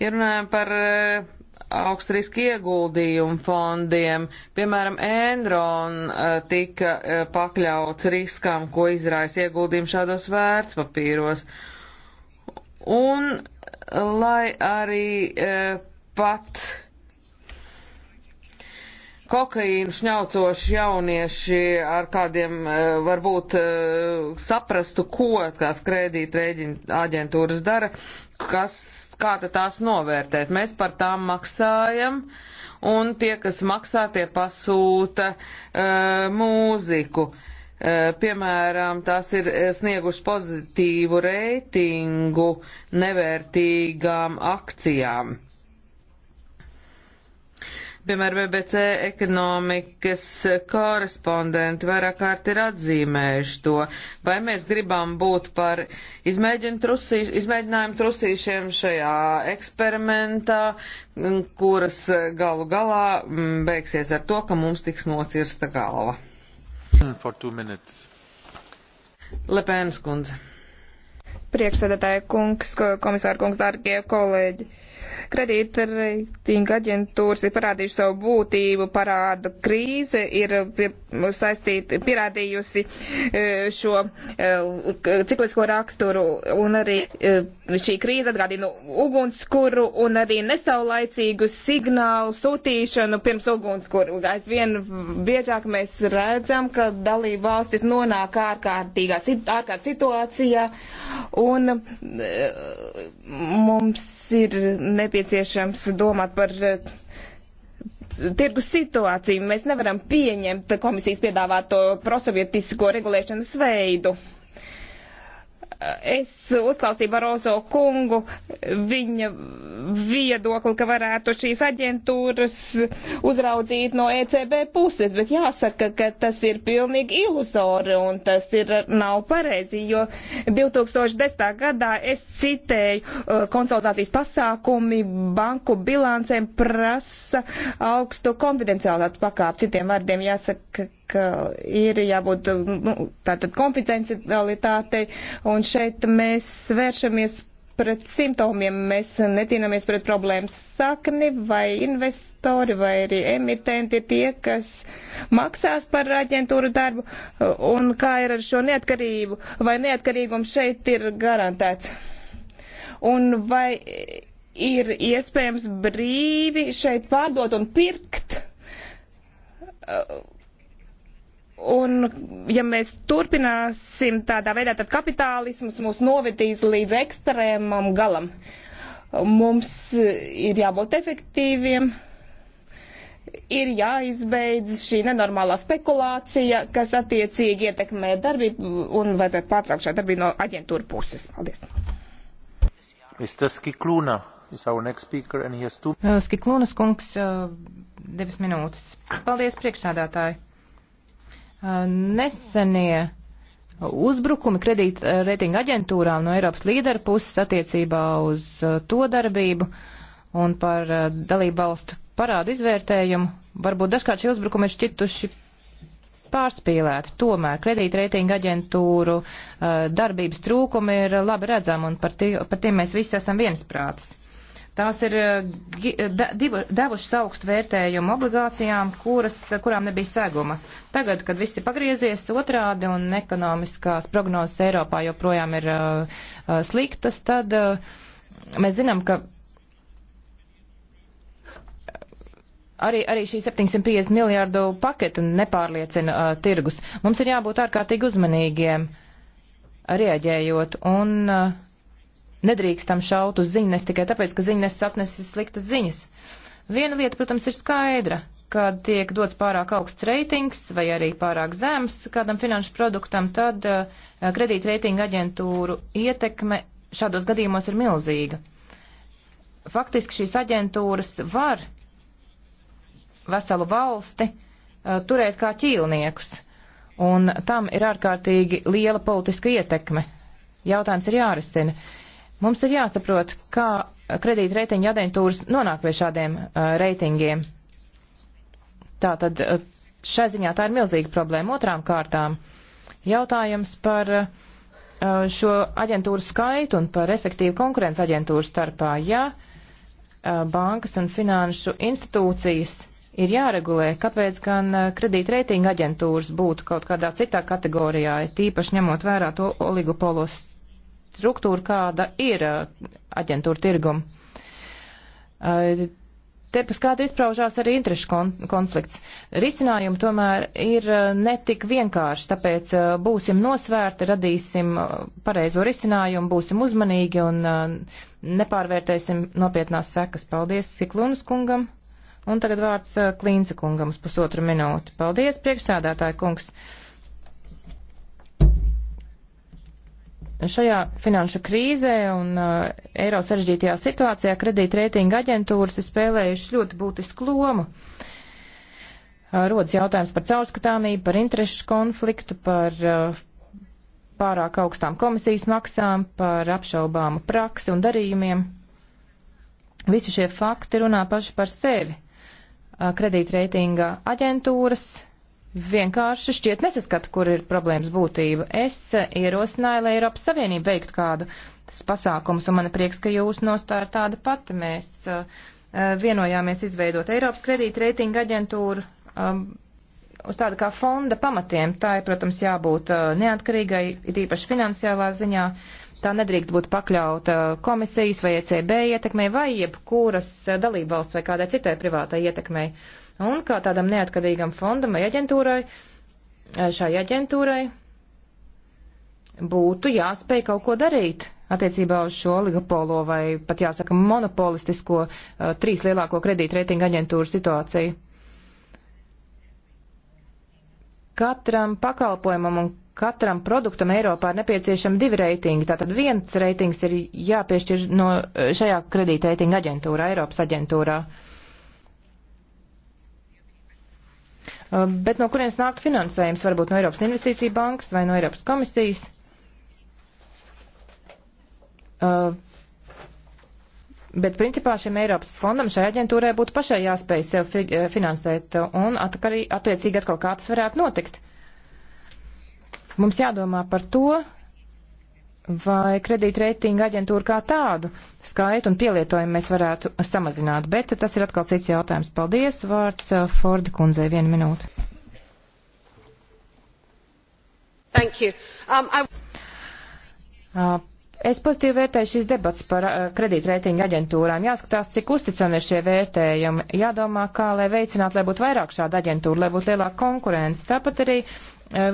Ja runājam par uh, eh, augstriski ieguldījumu fondiem, piemēram, Enron uh, tika uh, pakļauts riskam, ko izraisa ieguldījumi šādos vērtspapīros. Un lai arī uh, pat uh, kokaīnu šņaucoši jaunieši ar kādiem eh, varbūt eh, saprastu, ko tās kredītrēģina aģentūras dara, kas, kā tad tās novērtēt. Mēs par tām maksājam, un tie, kas maksā, tie pasūta eh, mūziku. Piemēram, tās ir sniegušas pozitīvu reitingu nevērtīgām akcijām. Piemēram, BBC ekonomikas korespondenti vairāk kārt ir atzīmējuši to, vai mēs gribam būt par trusī, izmēģinājumu trusīšiem šajā eksperimentā, kuras galu galā beigsies ar to, ka mums tiks nocirsta galva. Lepēnas kundze.
Priekšsēdētāja kungs, komisāra kungs, dārgie kolēģi. Kredītreitinga aģentūras ir parādījuši savu būtību, parāda krīze ir pie, saistīti, pierādījusi e, šo e, ciklisko raksturu un arī e, šī krīze atgādina ugunskuru un arī nesaulaicīgu signālu sūtīšanu pirms ugunskuru. Aizvien biežāk mēs redzam, ka dalība valstis nonāk ārkārtīgā ārkārt situācijā un mums ir nepieciešams domāt par eh, tirgus situāciju. Mēs nevaram pieņemt komisijas piedāvāto prosovietisko regulēšanas veidu es uzklausīju Barozo kungu, viņa viedokli, ka varētu šīs aģentūras uzraudzīt no ECB puses, bet jāsaka, ka tas ir pilnīgi iluzori un tas ir nav pareizi, jo 2010. gadā es citēju uh, konsultācijas pasākumi banku bilancēm prasa augstu konfidenciālātu pakāpu. Citiem vārdiem jāsaka, ka ir jābūt nu, tātad konfidencialitātei, un šeit mēs vēršamies pret simptomiem, mēs necīnāmies pret problēmas sakni, vai investori, vai arī emitenti ir tie, kas maksās par aģentūru darbu, un kā ir ar šo neatkarību, vai neatkarīgums šeit ir garantēts. Un vai ir iespējams brīvi šeit pārdot un pirkt? Un, ja mēs turpināsim tādā veidā, tad kapitālisms mūs novedīs līdz ekstrēmam galam. Mums ir jābūt efektīviem, ir jāizbeidz šī nenormālā spekulācija, kas attiecīgi ietekmē darbību un vajadzētu
pārtraukt šā darbību no aģentūra puses. Paldies. Uh, Skiklūnas kungs, uh, divas minūtes. Paldies, priekšsādātāji nesenie uzbrukumi kredīta eh, reitinga aģentūrām no Eiropas līderu puses attiecībā uz eh, to darbību un par eh, dalību valstu parādu izvērtējumu. Varbūt dažkārt šie uzbrukumi ir šķituši pārspīlēti. Tomēr kredītreitinga aģentūru darbības trūkumi ir labi redzami un par, tie, par tiem mēs visi esam viensprātis. Tās ir eh, eh, devušas augstu vērtējumu obligācijām, kuras, kurām nebija seguma. Tagad, kad viss ir pagriezies otrādi un ekonomiskās prognozes Eiropā joprojām ir uh, sliktas, tad uh, mēs zinām, ka arī, arī šī 750 miljārdu paketa nepārliecina uh, tirgus. Mums ir jābūt ārkārtīgi uzmanīgiem rieģējot, un uh, nedrīkstam šaut uz ziņnes tikai tāpēc, ka ziņnes atnesis sliktas ziņas. Viena lieta, protams, ir skaidra kad tiek dots pārāk augsts reitings vai arī pārāk zems kādam finanšu produktam, tad uh, eh, kredītreitinga aģentūru ietekme šādos gadījumos ir milzīga. Faktiski šīs aģentūras var veselu valsti uh, turēt kā ķīlniekus, un tam ir ārkārtīgi liela politiska ietekme. Jautājums ir jārisina. Mums ir jāsaprot, kā kredīt reitingu aģentūras nonāk pie šādiem uh, reitingiem. Tātad uh, šai ziņā tā ir milzīga problēma. Otrām kārtām jautājums par uh, šo aģentūru skaitu un par efektīvu konkurences aģentūru starpā. Ja uh, bankas un finanšu institūcijas ir jāregulē, kāpēc gan uh, kredīt reitinga aģentūras būtu kaut kādā citā kategorijā, tīpaši ņemot vērā to oligopolos struktūra, kāda ir uh, aģentūra tirgum. Uh, te paskāt izpraužās arī interešu kon konflikts. Risinājumi tomēr ir uh, netik vienkārši, tāpēc būsim nosvērti, radīsim pareizo risinājumu, būsim uzmanīgi un nepārvērtēsim nopietnās sekas. Paldies Siklunas kungam. Un tagad vārds Klīnce kungam uz pusotru minūti. Paldies, priekšsādātāja kungs. Uh, Šajā finanšu krīzē un uh, eiro sarežģītajā situācijā kredītreitinga aģentūras ir spēlējušas ļoti būtisku lomu. Uh, rodas jautājums par caurskatāmību, par interešu konfliktu, par uh, pārāk augstām komisijas maksām, par apšaubāmu praksi un darījumiem. Visi šie fakti runā paši par sevi. Uh, kredītreitinga aģentūras vienkārši šķiet nesaskata, kur ir problēmas būtība. Es eh, ierosināju, lai Eiropas Savienība veiktu kādu pasākumus, un man ir prieks, ka jūs nostāja tāda pati. Mēs uh, vienojāmies izveidot Eiropas kredītreitinga aģentūru um, uz tādu kā fonda pamatiem. Tā ir, protams, jābūt uh, neatkarīgai, it īpaši finansiālā ziņā. Tā nedrīkst būt pakļauta komisijas vai ECB ietekmei vai jebkuras dalībvalsts vai kādai citai privātai ietekmei. Uh, Un kā tādam neatkarīgam fondam vai aģentūrai, eh, šai aģentūrai būtu jāspēj kaut ko darīt attiecībā uz šo oligopolo vai pat jāsaka monopolistisko uh, trīs lielāko kredītreitinga aģentūru situāciju. Katram pakalpojumam un katram produktam Eiropā ir nepieciešami divi reitingi. Tātad viens reitings ir jāpiešķir no eh, šajā kredītreitinga aģentūrā, Eiropas aģentūrā. Uh, Uh, bet no kurienes nākt finansējums? Varbūt no Eiropas investīcija bankas vai no Eiropas komisijas? Uh, bet principā šim Eiropas fondam, šai aģentūrai būtu pašai jāspēj sev uh, finansēt un atkarī, attiecīgi atkal kā tas varētu notikt. Mums jādomā par to, vai kredītreitinga aģentūru kā tādu skaitu un pielietojumu mēs varētu samazināt, bet tas ir atkal cits jautājums. Paldies, vārds uh, Forda kundzei, vienu minūtu.
Um, I...
Uh, es pozitīvi vērtēju šīs debats par uh, kredītreitinga aģentūrām. Jāskatās, cik uzticami ir šie vērtējumi. Jādomā, kā lai veicinātu, lai būtu vairāk šāda aģentūra, lai būtu lielāka konkurence. Tāpat arī uh,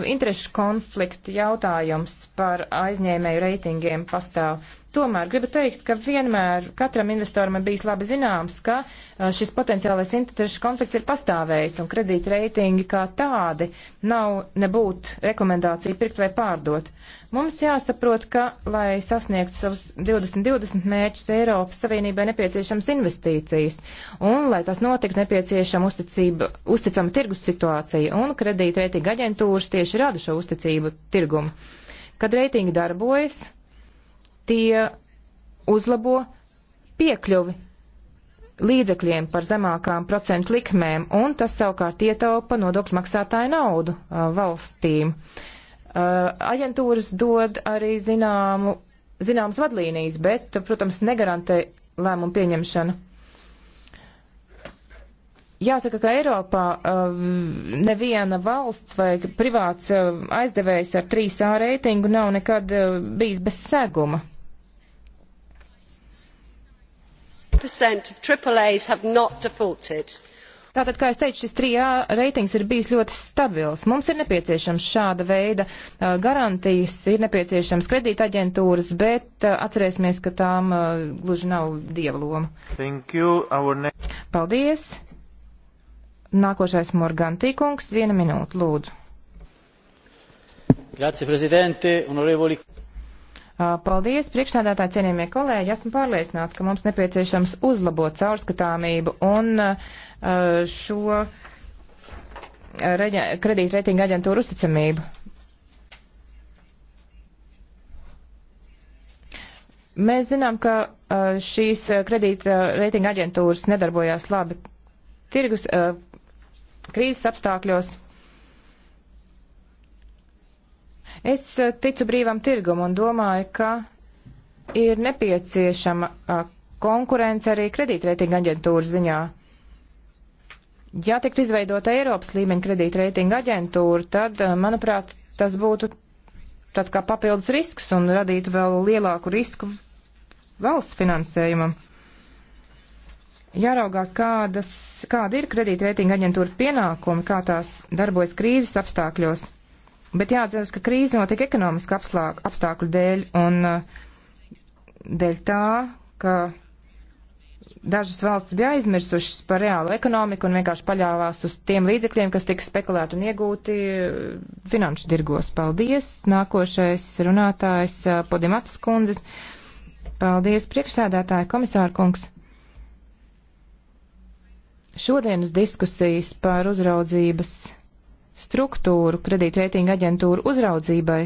interešu konflikta jautājums par aizņēmēju reitingiem pastāv Tomēr gribu teikt, ka vienmēr katram investoram ir bijis labi zināms, ka šis potenciālais interešu konflikts ir pastāvējis un kredīta reitingi kā tādi nav nebūt rekomendācija pirkt vai pārdot. Mums jāsaprot, ka, lai sasniegtu savus 2020 mērķus, Eiropas Savienībai nepieciešams investīcijas un, lai tas notiks, nepieciešama uzticība, uzticama tirgus situācija un kredīta reitinga aģentūras tieši rada šo uzticību tirgumu. Kad reitingi darbojas, tie uzlabo piekļuvi līdzekļiem par zemākām procentu likmēm, un tas savukārt ietaupa nodokļu maksātāju naudu uh, valstīm. Uh, aģentūras dod arī zināmu, zināmas vadlīnijas, bet, protams, negarantē lēmumu pieņemšanu. Jāsaka, ka Eiropā uh, neviena valsts vai privāts aizdevējs ar 3A reitingu nav nekad bijis bez seguma.
of AAAs have not defaulted.
Tātad, kā es teicu, šis trijā reitings ir bijis ļoti stabils. Mums ir nepieciešams šāda veida uh, garantijas, ir nepieciešams kredīta aģentūras, bet uh, atcerēsimies, ka tām uh, gluži nav dieva loma.
Thank you, next...
Paldies. Nākošais Morgantī kungs, viena minūte, lūdzu.
Grazie, prezidente, onorevoli.
Paldies, priekšsādātāji, cienījamie kolēģi. Esmu pārliecināts, ka mums nepieciešams uzlabot caurskatāmību un šo kredītreitinga aģentūru uzticamību. Mēs zinām, ka šīs kredītreitinga aģentūras nedarbojās labi tirgus krīzes apstākļos. Es eh, ticu brīvam tirgum un domāju, ka ir nepieciešama eh, konkurence arī kredītreitinga aģentūras ziņā. Ja tiktu izveidota Eiropas līmeņa kredītreitinga aģentūra, tad, eh, manuprāt, tas būtu tāds kā papildus risks un radītu vēl lielāku risku valsts finansējumam. Jāraugās, kādas, kāda ir kredītreitinga aģentūra pienākumi, kā tās darbojas krīzes apstākļos. Bet jāatzīst, ka krīze notiek ekonomiska apstākļu dēļ un uh, dēļ tā, ka dažas valsts bija aizmirsušas par reālu ekonomiku un vienkārši paļāvās uz tiem līdzekļiem, kas tika spekulēti un iegūti uh, finanšu dirgos. Paldies! Nākošais runātājs uh, Podim Apskundze. Paldies, priekšsēdētāji, komisāra kungs! Šodienas diskusijas par uzraudzības struktūru kredītreitinga aģentūru uzraudzībai.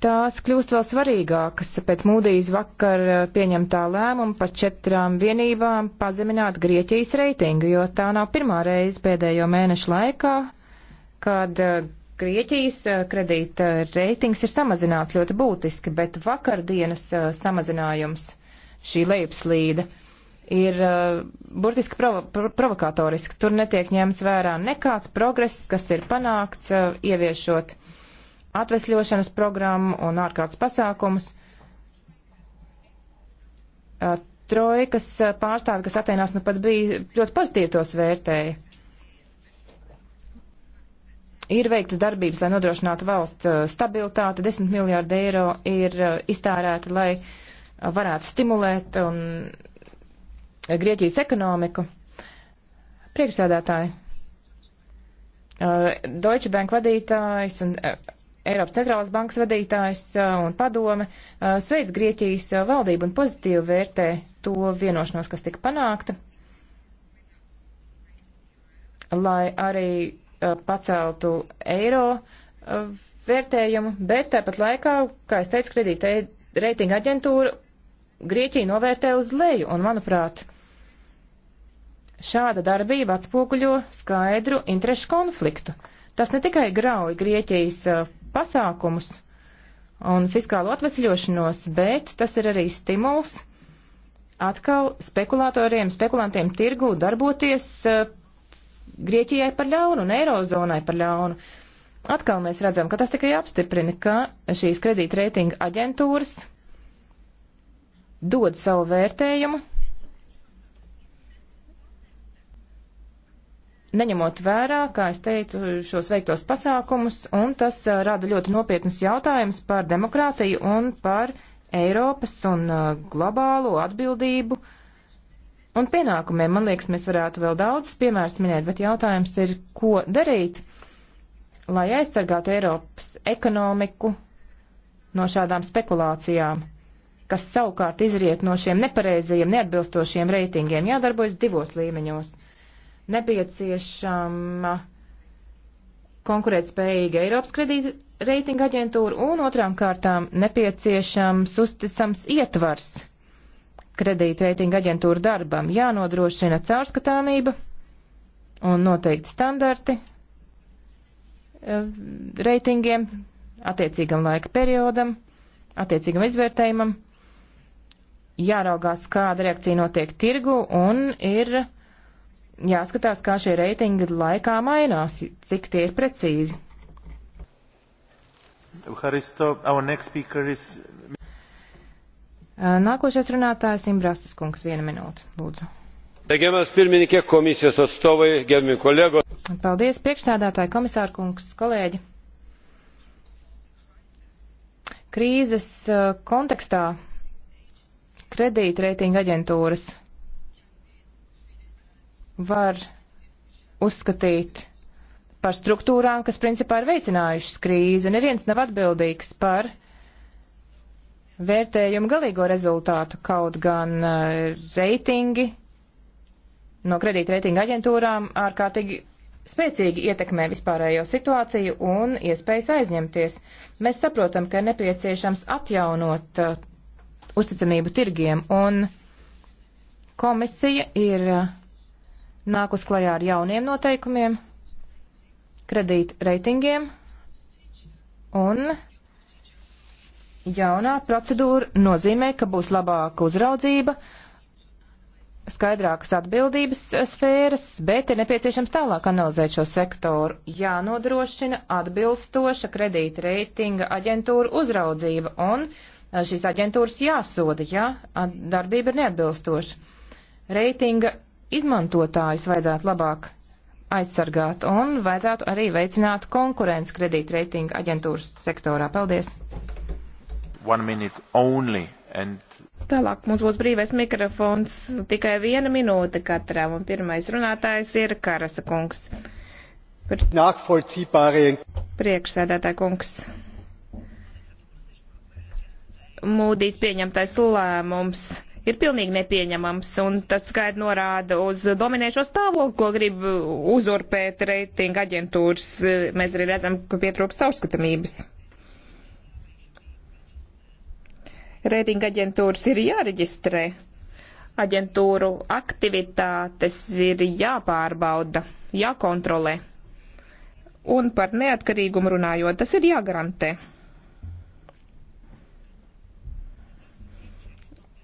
Tās kļūst vēl svarīgākas pēc mūdīs vakar eh, pieņemtā lēmuma par četrām vienībām pazemināt Grieķijas reitingu, jo tā nav pirmā reize pēdējo mēnešu laikā, kad eh, Grieķijas eh, kredīta reitings ir samazināts ļoti būtiski, bet vakardienas samazinājums šī lejupslīde ir uh, burtiski provo prov provokatoriski. Tur netiek ņemts vērā nekāds progress, kas ir panākts, uh, ieviešot atvesļošanas programmu un ārkārtas pasākumus. Uh, trojkas pārstāvi, kas Atenās nu pat bija ļoti pozitīvi tos vērtēja. Ir veiktas darbības, lai nodrošinātu valsts stabilitāti. 10 miljārdi eiro ir iztērēti, lai varētu stimulēt un Eh, Grieķijas ekonomiku. Priekšsēdētāji, eh, Deutsche Bank vadītājs un eh, Eiropas centrālās bankas vadītājs un padome sveic Grieķijas valdību un pozitīvi vērtē to vienošanos, kas tika panākta, lai arī paceltu eiro vērtējumu, bet tāpat laikā, kā es teicu, kredīta reitinga aģentūra Grieķiju novērtē uz leju, un manuprāt, Šāda darbība atspoguļo skaidru interešu konfliktu. Tas ne tikai grauj Grieķijas eh, pasākumus un fiskālo atvesļošanos, bet tas ir arī stimuls atkal spekulatoriem, spekulantiem tirgū darboties eh, Grieķijai par ļaunu un Eirozonai par ļaunu. Atkal mēs redzam, ka tas tikai apstiprina, ka šīs kredītreitinga aģentūras dod savu vērtējumu neņemot vērā, kā es teicu, šos veiktos pasākumus, un tas rada ļoti nopietnas jautājumas par demokrātiju un par Eiropas un globālo atbildību un pienākumiem. Man liekas, mēs varētu vēl daudz piemērs minēt, bet jautājums ir, ko darīt, lai aizsargātu Eiropas ekonomiku no šādām spekulācijām, kas savukārt izriet no šiem nepareizajiem, neatbilstošiem reitingiem. Jādarbojas divos līmeņos nepieciešama konkurētspējīga Eiropas kredīta reitinga aģentūra un otrām kārtām nepieciešams uzticams ietvars kredīta reitinga aģentūra darbam. Jānodrošina caurskatāmība un noteikti standarti eh, reitingiem, attiecīgam laika periodam, attiecīgam izvērtējumam. Jāraugās, kāda reakcija notiek tirgu un ir jāskatās, kā šie reitingi laikā mainās, cik tie ir precīzi.
Haristo, is...
Nākošais runātājs Imbrastis kungs, viena minūte, lūdzu.
Gerbiamas pirmininkė, komisijos atstovai, gerbiami kolegos.
Paldies, priekšsēdētāji, komisārkungs, kolēģi. Krīzes kontekstā kredītreitinga aģentūras var uzskatīt par struktūrām, kas principā ir veicinājušas krīzi. Neviens nav atbildīgs par vērtējumu galīgo rezultātu, kaut gan uh, reitingi no kredītreitinga aģentūrām ārkārtīgi spēcīgi ietekmē vispārējo situāciju un iespējas aizņemties. Mēs saprotam, ka ir nepieciešams atjaunot uh, uzticamību tirgiem, un komisija ir uh, nākus klajā ar jauniem noteikumiem, kredīt reitingiem un jaunā procedūra nozīmē, ka būs labāka uzraudzība, skaidrākas atbildības sfēras, bet ir nepieciešams tālāk analizēt šo sektoru. Jānodrošina atbilstoša kredīta reitinga aģentūra uzraudzība un šīs aģentūras jāsoda, ja darbība ir neatbilstoša. Reitinga izmantotājus vajadzētu labāk aizsargāt un vajadzētu arī veicināt konkurences kredītreitinga aģentūras sektorā. Paldies!
And...
Tālāk mums būs brīvais mikrofons tikai viena minūte katram, un pirmais runātājs ir Karasa kungs. Pr... Priekšsēdētāja kungs. Mūdīs pieņemtais lēmums ir pilnīgi nepieņemams, un tas skaidri norāda uz dominējošo stāvokli, ko grib uzurpēt reitinga aģentūras. Mēs arī redzam, ka pietrūkst caurskatamības. Reitinga aģentūras ir jāreģistrē, aģentūru aktivitātes ir jāpārbauda, jākontrolē. Un par neatkarīgumu runājot, tas ir jāgarantē.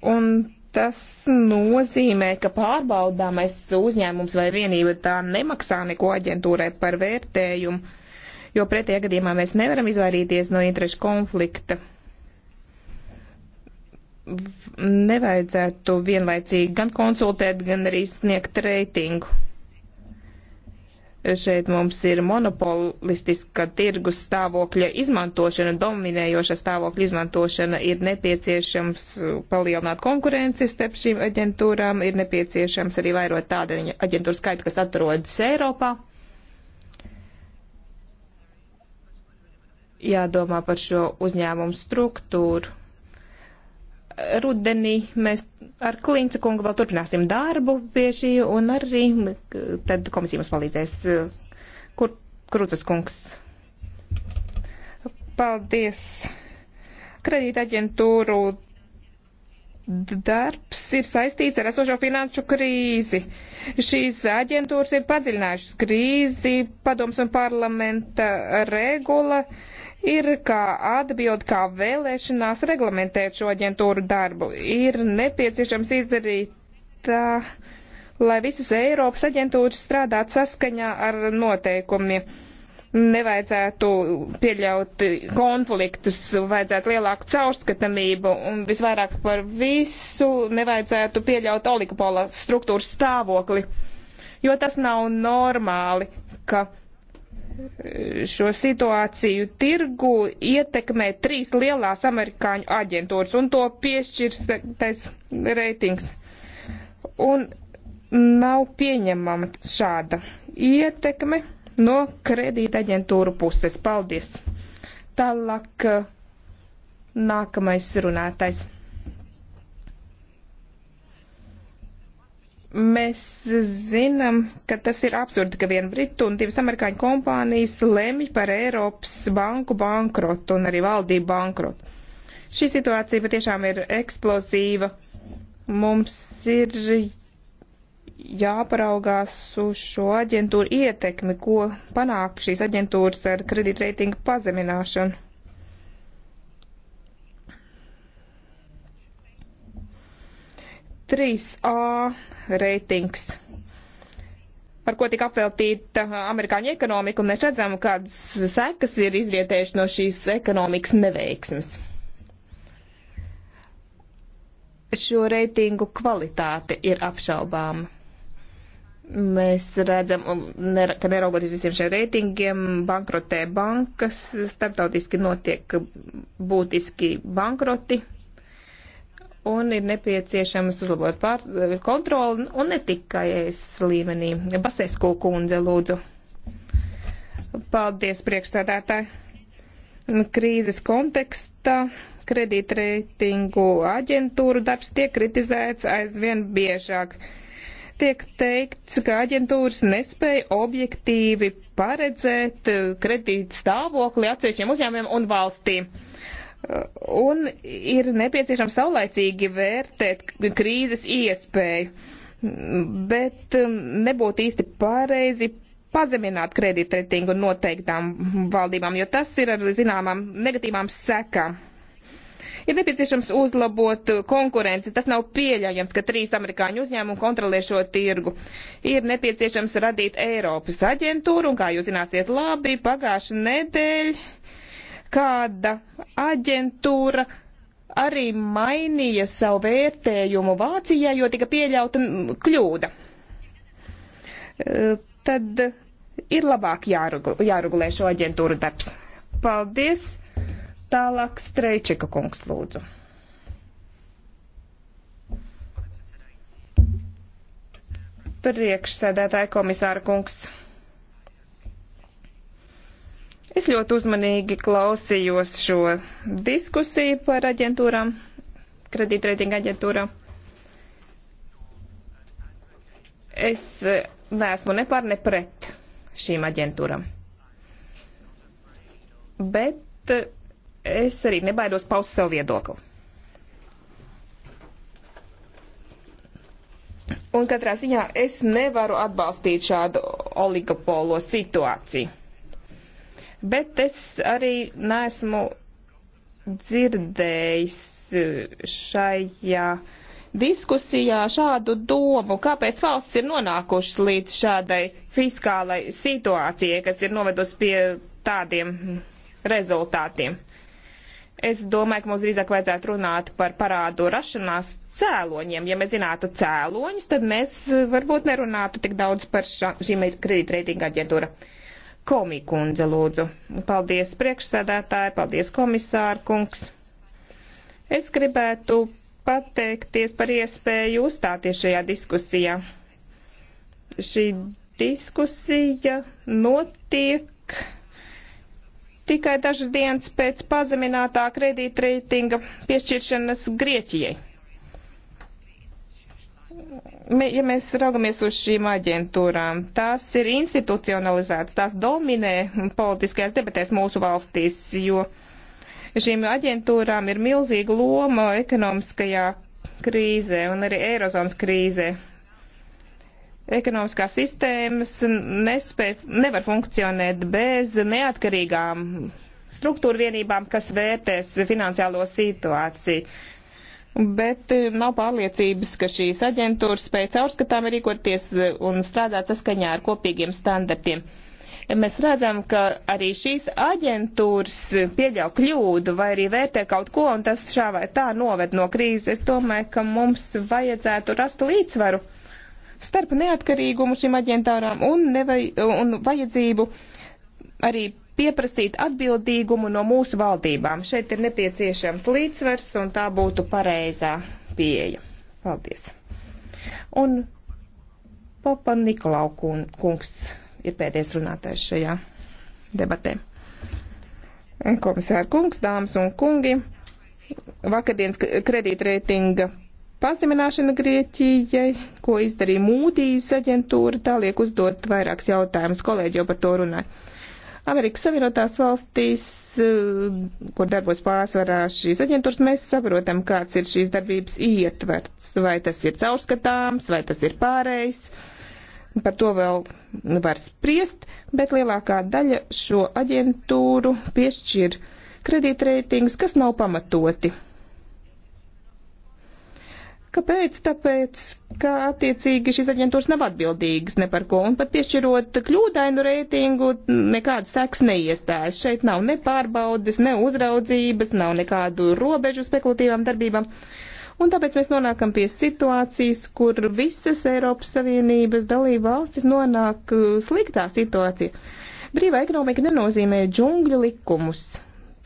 Un tas nozīmē, ka pārbaudāmais uzņēmums vai vienība tā nemaksā neko aģentūrai par vērtējumu, jo pretējā gadījumā mēs nevaram izvairīties no interešu konflikta. Nevajadzētu vienlaicīgi gan konsultēt, gan arī sniegt reitingu. Šeit mums ir monopolistiska tirgus stāvokļa izmantošana, dominējoša stāvokļa izmantošana. Ir nepieciešams palielināt konkurenci starp šīm aģentūrām, ir nepieciešams arī vairot tādu aģentūru skaitu, kas atrodas Eiropā. Jādomā par šo uzņēmumu struktūru rudenī mēs ar Klinca kungu vēl turpināsim darbu pie šī, un arī tad komisija mums palīdzēs. Eh, Kur Krutas kungs? Paldies. Kredīta aģentūru darbs ir saistīts ar esošo finanšu krīzi. Šīs aģentūras ir padziļinājušas krīzi, padoms un parlamenta regula. Uh, ir kā atbild, kā vēlēšanās reglamentēt šo aģentūru darbu. Ir nepieciešams izdarīt tā, lai visas Eiropas aģentūras strādātu saskaņā ar noteikumiem. Nevajadzētu pieļaut konfliktus, vajadzētu lielāku caurskatamību un visvairāk par visu nevajadzētu pieļaut oligopola struktūras stāvokli, jo tas nav normāli, ka šo situāciju tirgu ietekmē trīs lielās amerikāņu aģentūras un to piešķirtais reitings. Un nav pieņemama šāda ietekme no kredīta aģentūru puses. Paldies! Tālāk nākamais runātais. Mēs zinām, ka tas ir absurdi, ka viena britu un divas amerikāņu kompānijas lemj par Eiropas banku bankrotu un arī valdību bankrotu. Šī situācija patiešām ir eksplozīva. Mums ir jāparaugās uz šo aģentūru ietekmi, ko panāk šīs aģentūras ar kredītreitingu pazemināšanu. 3A reitings, ar ko tika apveltīta amerikāņu ekonomika, un mēs redzam, kādas sekas ir izrietējuši no šīs ekonomikas neveiksmes. Šo reitingu kvalitāte ir apšaubāma. Mēs redzam, ka neraugoties visiem šiem reitingiem, bankrotē bankas, starptautiski notiek būtiski bankroti un ir nepieciešams uzlabot pār, kontroli un ne tikai es līmenī. Basesko kundze, lūdzu. Paldies, priekšsādātāji. Krīzes kontekstā kredītreitingu aģentūru darbs tiek kritizēts aizvien biežāk. Tiek teikts, ka aģentūras nespēja objektīvi paredzēt kredīt stāvokli atsevišķiem uzņēmumiem un valstīm un ir nepieciešams saulaicīgi vērtēt krīzes iespēju, bet um, nebūtu īsti pareizi pazemināt kredītreitingu noteiktām valdībām, jo tas ir ar zināmām negatīvām sekām. Ir nepieciešams uzlabot konkurenci. Tas nav pieļaujams, ka trīs amerikāņu uzņēmumu kontrolē šo tirgu. Ir nepieciešams radīt Eiropas aģentūru, un, kā jūs zināsiet labi, pagājuši nedēļa kāda aģentūra arī mainīja savu vērtējumu Vācijā, jo tika pieļauta kļūda. E, tad ir labāk jāregulē šo aģentūru darbs. Paldies! Tālāk Streičika kungs lūdzu. Priekšsēdētāja komisāra kungs. Es ļoti uzmanīgi klausījos šo diskusiju par aģentūrām, kredītreitinga aģentūrām. Es neesmu ne par, ne pret šīm aģentūram. Bet es arī nebaidos paust savu viedokli. Un katrā ziņā es nevaru atbalstīt šādu oligopolo situāciju bet es arī neesmu dzirdējis e, šajā diskusijā šādu domu, kāpēc valsts ir nonākušas līdz šādai fiskālai situācijai, kas ir novedusi pie tādiem rezultātiem. Es domāju, ka mums drīzāk vajadzētu runāt par parādu rašanās cēloņiem. Ja mēs zinātu cēloņus, tad mēs e, varbūt nerunātu tik daudz par šīm kredītreitinga aģentūra. Uh, Komikundze lūdzu. Paldies priekšsēdētāji, paldies komisārkungs. Es gribētu pateikties par iespēju uzstāties šajā diskusijā. Šī diskusija notiek tikai dažas dienas pēc pazeminātā kredītreitinga piešķiršanas Grieķijai ja mēs raugamies uz šīm aģentūrām, tās ir institucionalizētas, tās dominē politiskajās debatēs mūsu valstīs, jo šīm aģentūrām ir milzīga loma ekonomiskajā krīzē un arī eirozonas krīzē. Ekonomiskās sistēmas nespēj, nevar funkcionēt bez neatkarīgām struktūra vienībām, kas vērtēs finansiālo situāciju bet eh, nav pārliecības, ka šīs aģentūras spēj caurskatām rīkoties eh, un strādāt saskaņā ar kopīgiem standartiem. Mēs redzam, ka arī šīs aģentūras pieļauj kļūdu vai arī vērtē kaut ko, un tas šā vai tā noved no krīzes. Es domāju, ka mums vajadzētu rast līdzsvaru starp neatkarīgumu šīm aģentūrām un, nevai, un vajadzību arī pieprasīt atbildīgumu no mūsu valdībām. Šeit ir nepieciešams līdzsvers, un tā būtu pareizā pieeja. Paldies. Un Popa Nikolau kungs ir pēdējais runātājs šajā debatē. Komisāra kungs, dāmas un kungi, vakardienas kredītreitinga pazemināšana Grieķijai, ko izdarīja Mūdijas aģentūra, tā liek uzdot vairākus jautājumus, kolēģi jau par to runāja. Amerikas Savienotās valstīs, eh, kur darbos pārsvarā šīs aģentūras, mēs saprotam, kāds ir šīs darbības ietverts. Vai tas ir caurskatāms, vai tas ir pārējs. Par to vēl var spriest, bet lielākā daļa šo aģentūru piešķir kredītreitingus, kas nav pamatoti. Kāpēc? Tāpēc, ka attiecīgi šīs aģentūras nav atbildīgas ne par ko, un pat piešķirot kļūdainu reitingu, nekāda seks neiestājas. Šeit nav ne pārbaudes, ne uzraudzības, nav nekādu robežu spekulatīvām darbībām. Un tāpēc mēs nonākam pie situācijas, kur visas Eiropas Savienības dalība valstis nonāk uh, sliktā situācija. Brīvā ekonomika nenozīmē džungļu likumus.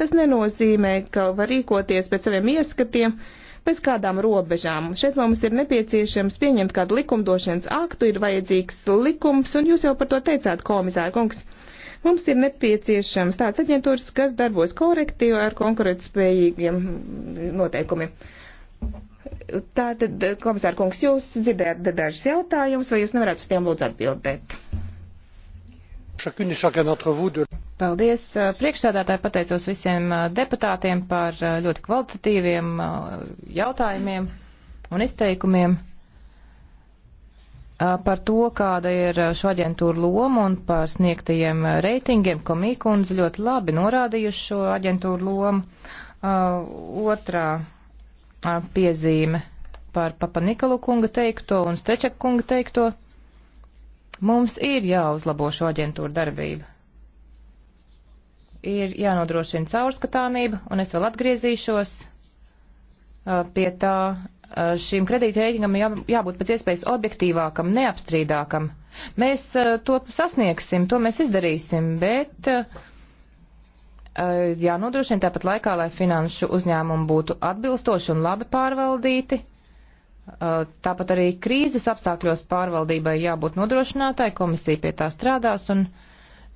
Tas nenozīmē, ka var rīkoties pēc saviem ieskatiem bez kādām robežām. Šeit mums ir nepieciešams pieņemt kādu likumdošanas aktu, ir vajadzīgs likums, un jūs jau par to teicāt, komisāra kungs. Mums ir nepieciešams tāds aģentūrs, kas darbos korektīvi ar konkurētspējīgiem noteikumiem. Tātad, komisāra kungs, jūs dzirdējat dažus jautājumus, vai jūs nevarētu uz tiem lūdzu
atbildēt? Paldies. Priekšsēdētāji pateicos visiem deputātiem par ļoti kvalitatīviem jautājumiem un izteikumiem par to, kāda ir šo aģentūru loma un par sniegtajiem reitingiem. Komīkundze ļoti labi norādījuši šo aģentūru lomu. Otrā piezīme par Papa Nikola kunga teikto un Strečaka kunga teikto. Mums ir jāuzlabo šo aģentūru darbību ir jānodrošina caurskatāmība, un es vēl atgriezīšos pie tā. Šīm kredītreitingam jā, jābūt pēc iespējas objektīvākam, neapstrīdākam. Mēs to sasniegsim, to mēs izdarīsim, bet jānodrošina tāpat laikā, lai finanšu uzņēmumi būtu atbilstoši un labi pārvaldīti. Tāpat arī krīzes apstākļos pārvaldībai jābūt nodrošinātai, komisija pie tā strādās un uh,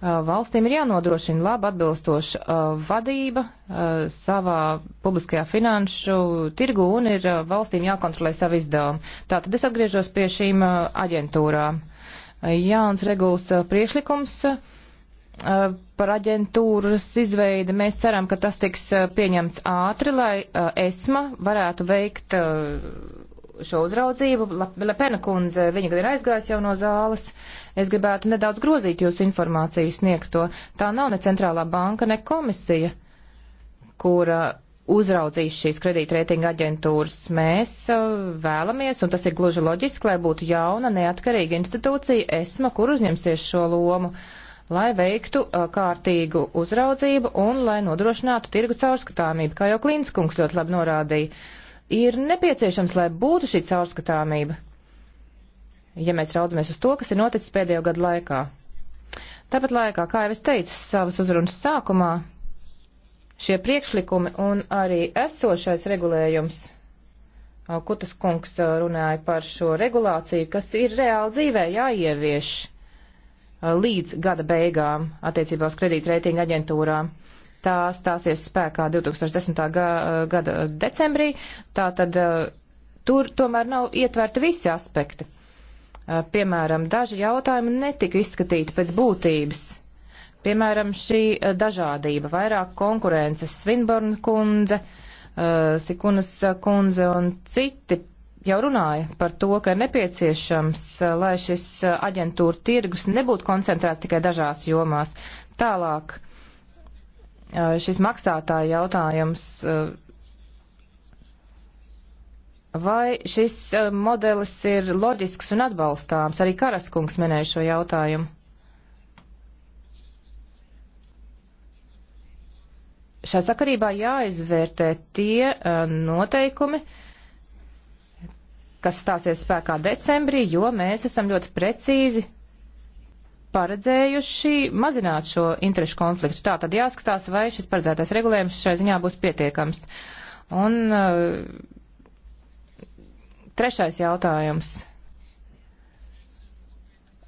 Uh, valstīm ir jānodrošina laba atbilstoša uh, vadība uh, savā publiskajā finanšu tirgu un ir valstīm jākontrolē savu izdevumu. Tātad es atgriežos pie šīm aģentūrām. Jauns regulas priešlikums par aģentūras izveidi. Mēs ceram, ka tas tiks pieņemts ātri, lai ESMA varētu veikt šo uzraudzību. Lepena kundze, viņa gan ir aizgājusi jau no zāles. Es gribētu nedaudz grozīt jūsu informāciju sniegto. Tā nav ne centrālā banka, ne komisija, kura uzraudzīs šīs kredītreitinga aģentūras. Mēs uh, vēlamies, un tas ir gluži loģiski, lai būtu jauna, neatkarīga institūcija, esma, kur uzņemsies šo lomu, lai veiktu uh, kārtīgu uzraudzību un lai nodrošinātu tirgu caurskatāmību, kā jau Klīnskungs ļoti labi norādīja ir nepieciešams, lai būtu šī caurskatāmība, ja mēs raudzamies uz to, kas ir noticis pēdējo gadu laikā. Tāpat laikā, kā jau es teicu savas uzrunas sākumā, šie priekšlikumi un arī esošais regulējums Kutas kungs runāja par šo regulāciju, kas ir reāli dzīvē jāievieš līdz gada beigām attiecībā uz kredītreitinga aģentūrām. Tā stāsies spēkā 2010. Eh, gada decembrī. Tā tad eh, tur tomēr nav ietverti visi aspekti. Eh, piemēram, daži jautājumi netika izskatīti pēc būtības. Piemēram, šī dažādība, vairāk konkurences, Svinborna kundze, Sikunas kundze un citi jau runāja par to, ka ir nepieciešams, lai šis aģentūra tirgus nebūtu koncentrēts tikai dažās jomās. Tālāk Eh, šis maksātāja jautājums. Eh, vai šis eh, modelis ir loģisks un atbalstāms? Arī Karaskungs minēja šo jautājumu. Šai sakarībā jāizvērtē tie noteikumi, kas stāsies spēkā decembrī, jo mēs esam ļoti precīzi paredzējuši mazināt šo interešu konfliktu. Tā tad jāskatās, vai šis paredzētais regulējums šai ziņā būs pietiekams. Un uh, trešais jautājums.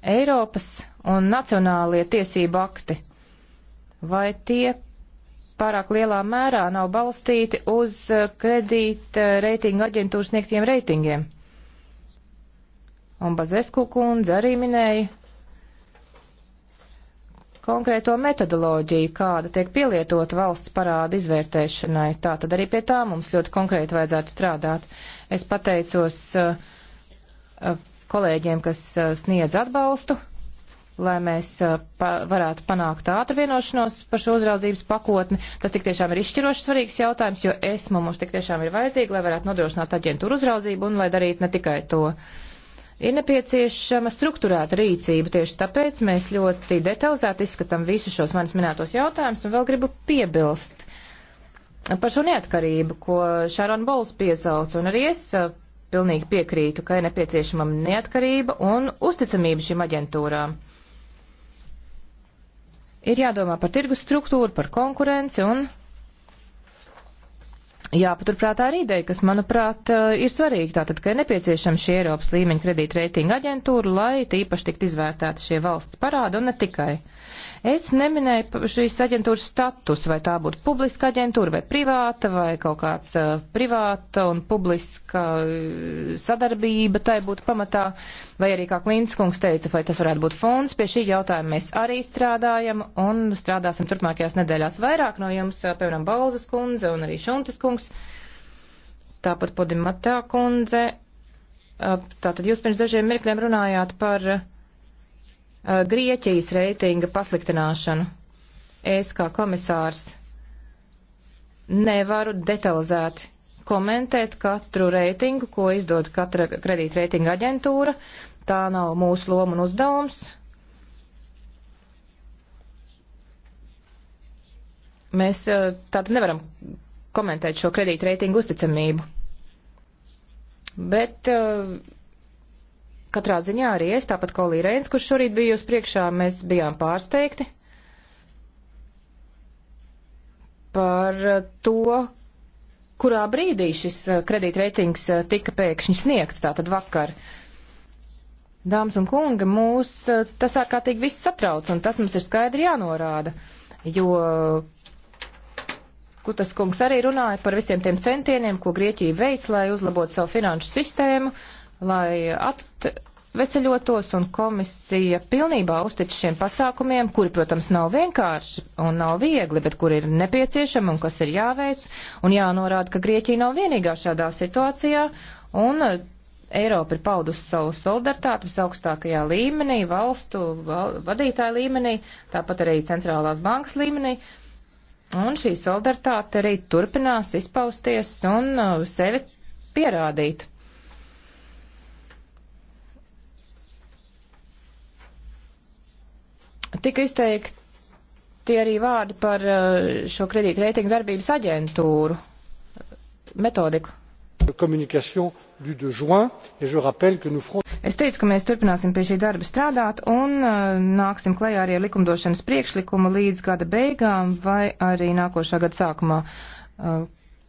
Eiropas un nacionālie tiesību akti, vai tie pārāk lielā mērā nav balstīti uz uh, kredīta uh, reitinga aģentūras sniegtiem reitingiem? Un Bazesku kundze arī minēja konkrēto metodoloģiju, kāda tiek pielietota valsts parāda izvērtēšanai. Tā tad arī pie tā mums ļoti konkrēti vajadzētu strādāt. Es pateicos uh, uh, kolēģiem, kas uh, sniedz atbalstu, lai mēs pa varētu panākt ātru vienošanos par šo uzraudzības pakotni. Tas tik tiešām ir izšķiroši svarīgs jautājums, jo esmu mums tik tiešām ir vajadzīga, lai varētu nodrošināt aģentūru uzraudzību un lai darītu ne tikai to. Uh, ir nepieciešama struktūrēta rīcība. Tieši tāpēc mēs ļoti detalizēti izskatām visus šos manis minētos jautājumus un vēl gribu piebilst par šo neatkarību, ko Šāron Bols piesauc, un arī es uh, pilnīgi piekrītu, ka ir nepieciešama neatkarība un uzticamība šīm aģentūrām. Ir jādomā par tirgus struktūru, par konkurenci un Jāpaturprātā arī ideja, kas, manuprāt, eh, ir svarīga, tātad, ka ir nepieciešama šī Eiropas līmeņa kredītreitinga aģentūra, lai tīpaši tikt izvērtēti šie valsts parādi un ne tikai. Es neminēju šīs aģentūras status, vai tā būtu publiska aģentūra vai privāta, vai kaut kāds uh, privāta un publiska uh, sadarbība, tai būtu pamatā, vai arī, kā Klīnskungs teica, vai tas varētu būt fonds. Pie šī jautājuma mēs arī strādājam un strādāsim turpmākajās nedēļās vairāk no jums, uh, piemēram, Balzas kundze un arī Šuntis kungs, tāpat Podimatā kundze. Uh, tātad jūs pirms dažiem mirkļiem runājāt par uh, Eh, Grieķijas reitinga pasliktināšanu. Es kā komisārs nevaru detalizēti komentēt katru reitingu, ko izdod katra kredītreitinga aģentūra. Tā nav mūsu loma un uzdevums. Mēs eh, tātad nevaram komentēt šo kredītreitingu uzticamību. Bet uh, Katrā ziņā arī es, tāpat kā Līrēns, kurš šorīt bija jūs priekšā, mēs bijām pārsteigti par to, kurā brīdī šis eh, kredītreitings eh, tika pēkšņi sniegts, tātad vakar. Dāmas un kungi, mūs eh, tas ārkārtīgi viss satrauc, un tas mums ir skaidri jānorāda, jo Kutas kungs arī runāja par visiem tiem centieniem, ko Grieķija veic, lai uzlabotu savu finanšu sistēmu, uh, lai atveseļotos un komisija pilnībā uztic šiem pasākumiem, kuri, protams, nav vienkārši un nav viegli, bet kuri ir nepieciešami un kas ir jāveic. Un jānorāda, ka Grieķija nav vienīgā šādā situācijā. Un eh, Eiropa ir paudusi savu solidaritāti visaugstākajā līmenī, valstu val, vadītāju līmenī, tāpat arī centrālās bankas līmenī. Un šī solidaritāte arī turpinās izpausties un uh, sevi pierādīt. Tika izteikti arī vārdi par uh, šo kredītu reitingu darbības aģentūru uh, metodiku. Es teicu, ka mēs turpināsim pie šī darba strādāt un uh, nāksim klajā arī ar likumdošanas priekšlikumu līdz gada beigām vai arī nākošā gada sākumā.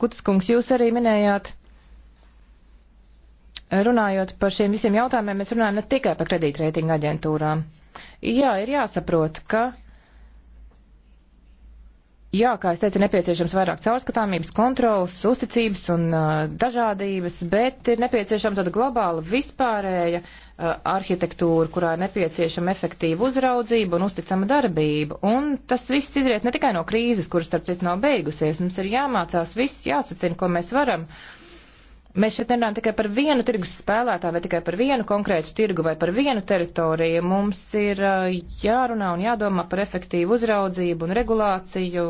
Kutas kungs, jūs arī minējāt Runājot par šiem visiem jautājumiem, mēs runājam ne tikai par kredītreitinga aģentūrām. Jā, ir jāsaprot, ka, jā, kā es teicu, nepieciešams vairāk caurskatāmības, kontrolas, uzticības un uh, dažādības, bet ir nepieciešama tāda globāla vispārēja uh, arhitektūra, kurā ir nepieciešama efektīva uzraudzība un uzticama darbība. Un tas viss izriet ne tikai no krīzes, kuras, starp citu, nav beigusies. Mums ir jāmācās viss, jāsacina, ko mēs varam. Uh, Mēs šeit nerunājam tikai par vienu tirgus spēlētāju vai tikai par vienu konkrētu tirgu vai par vienu teritoriju. Mums ir jārunā un jādomā par efektīvu uzraudzību un regulāciju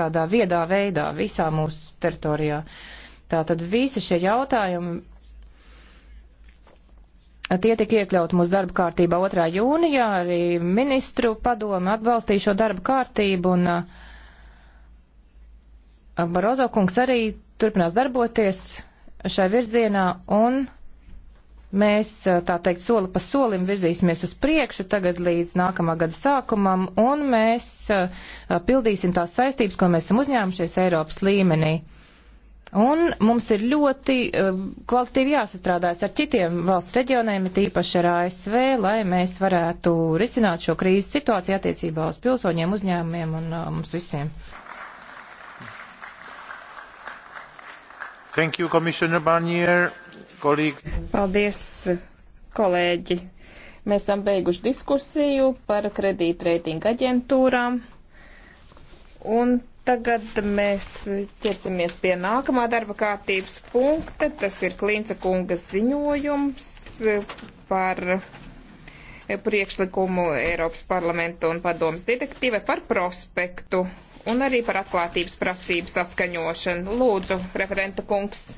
tādā viedā veidā visā mūsu teritorijā. Tātad visi šie jautājumi. Tie tika iekļauti mūsu darba kārtībā 2. jūnijā, arī ministru padomu atbalstīja šo darba kārtību, un Barozo kungs arī turpinās darboties šai virzienā un mēs, tā teikt, soli pa solim virzīsimies uz priekšu tagad līdz nākamā gada sākumam, un mēs pildīsim tās saistības, ko mēs esam uzņēmušies Eiropas līmenī. Un mums ir ļoti kvalitatīvi jāsastrādājas ar citiem valsts reģioniem, tīpaši ar ASV, lai mēs varētu risināt šo krīzes situāciju attiecībā uz pilsoņiem, uzņēmumiem un mums visiem.
Thank you, Commissioner Barnier. Kolīgi.
Paldies, kolēģi. Mēs esam beiguši diskusiju par kredītreitinga aģentūrām. Un tagad mēs ķersimies pie nākamā darba kārtības punkta. Tas ir Klīnca kungas ziņojums par priekšlikumu Eiropas parlamenta un padomas direktīvai par prospektu un arī par
atklātības prasību saskaņošanu. Lūdzu, referenta kungs.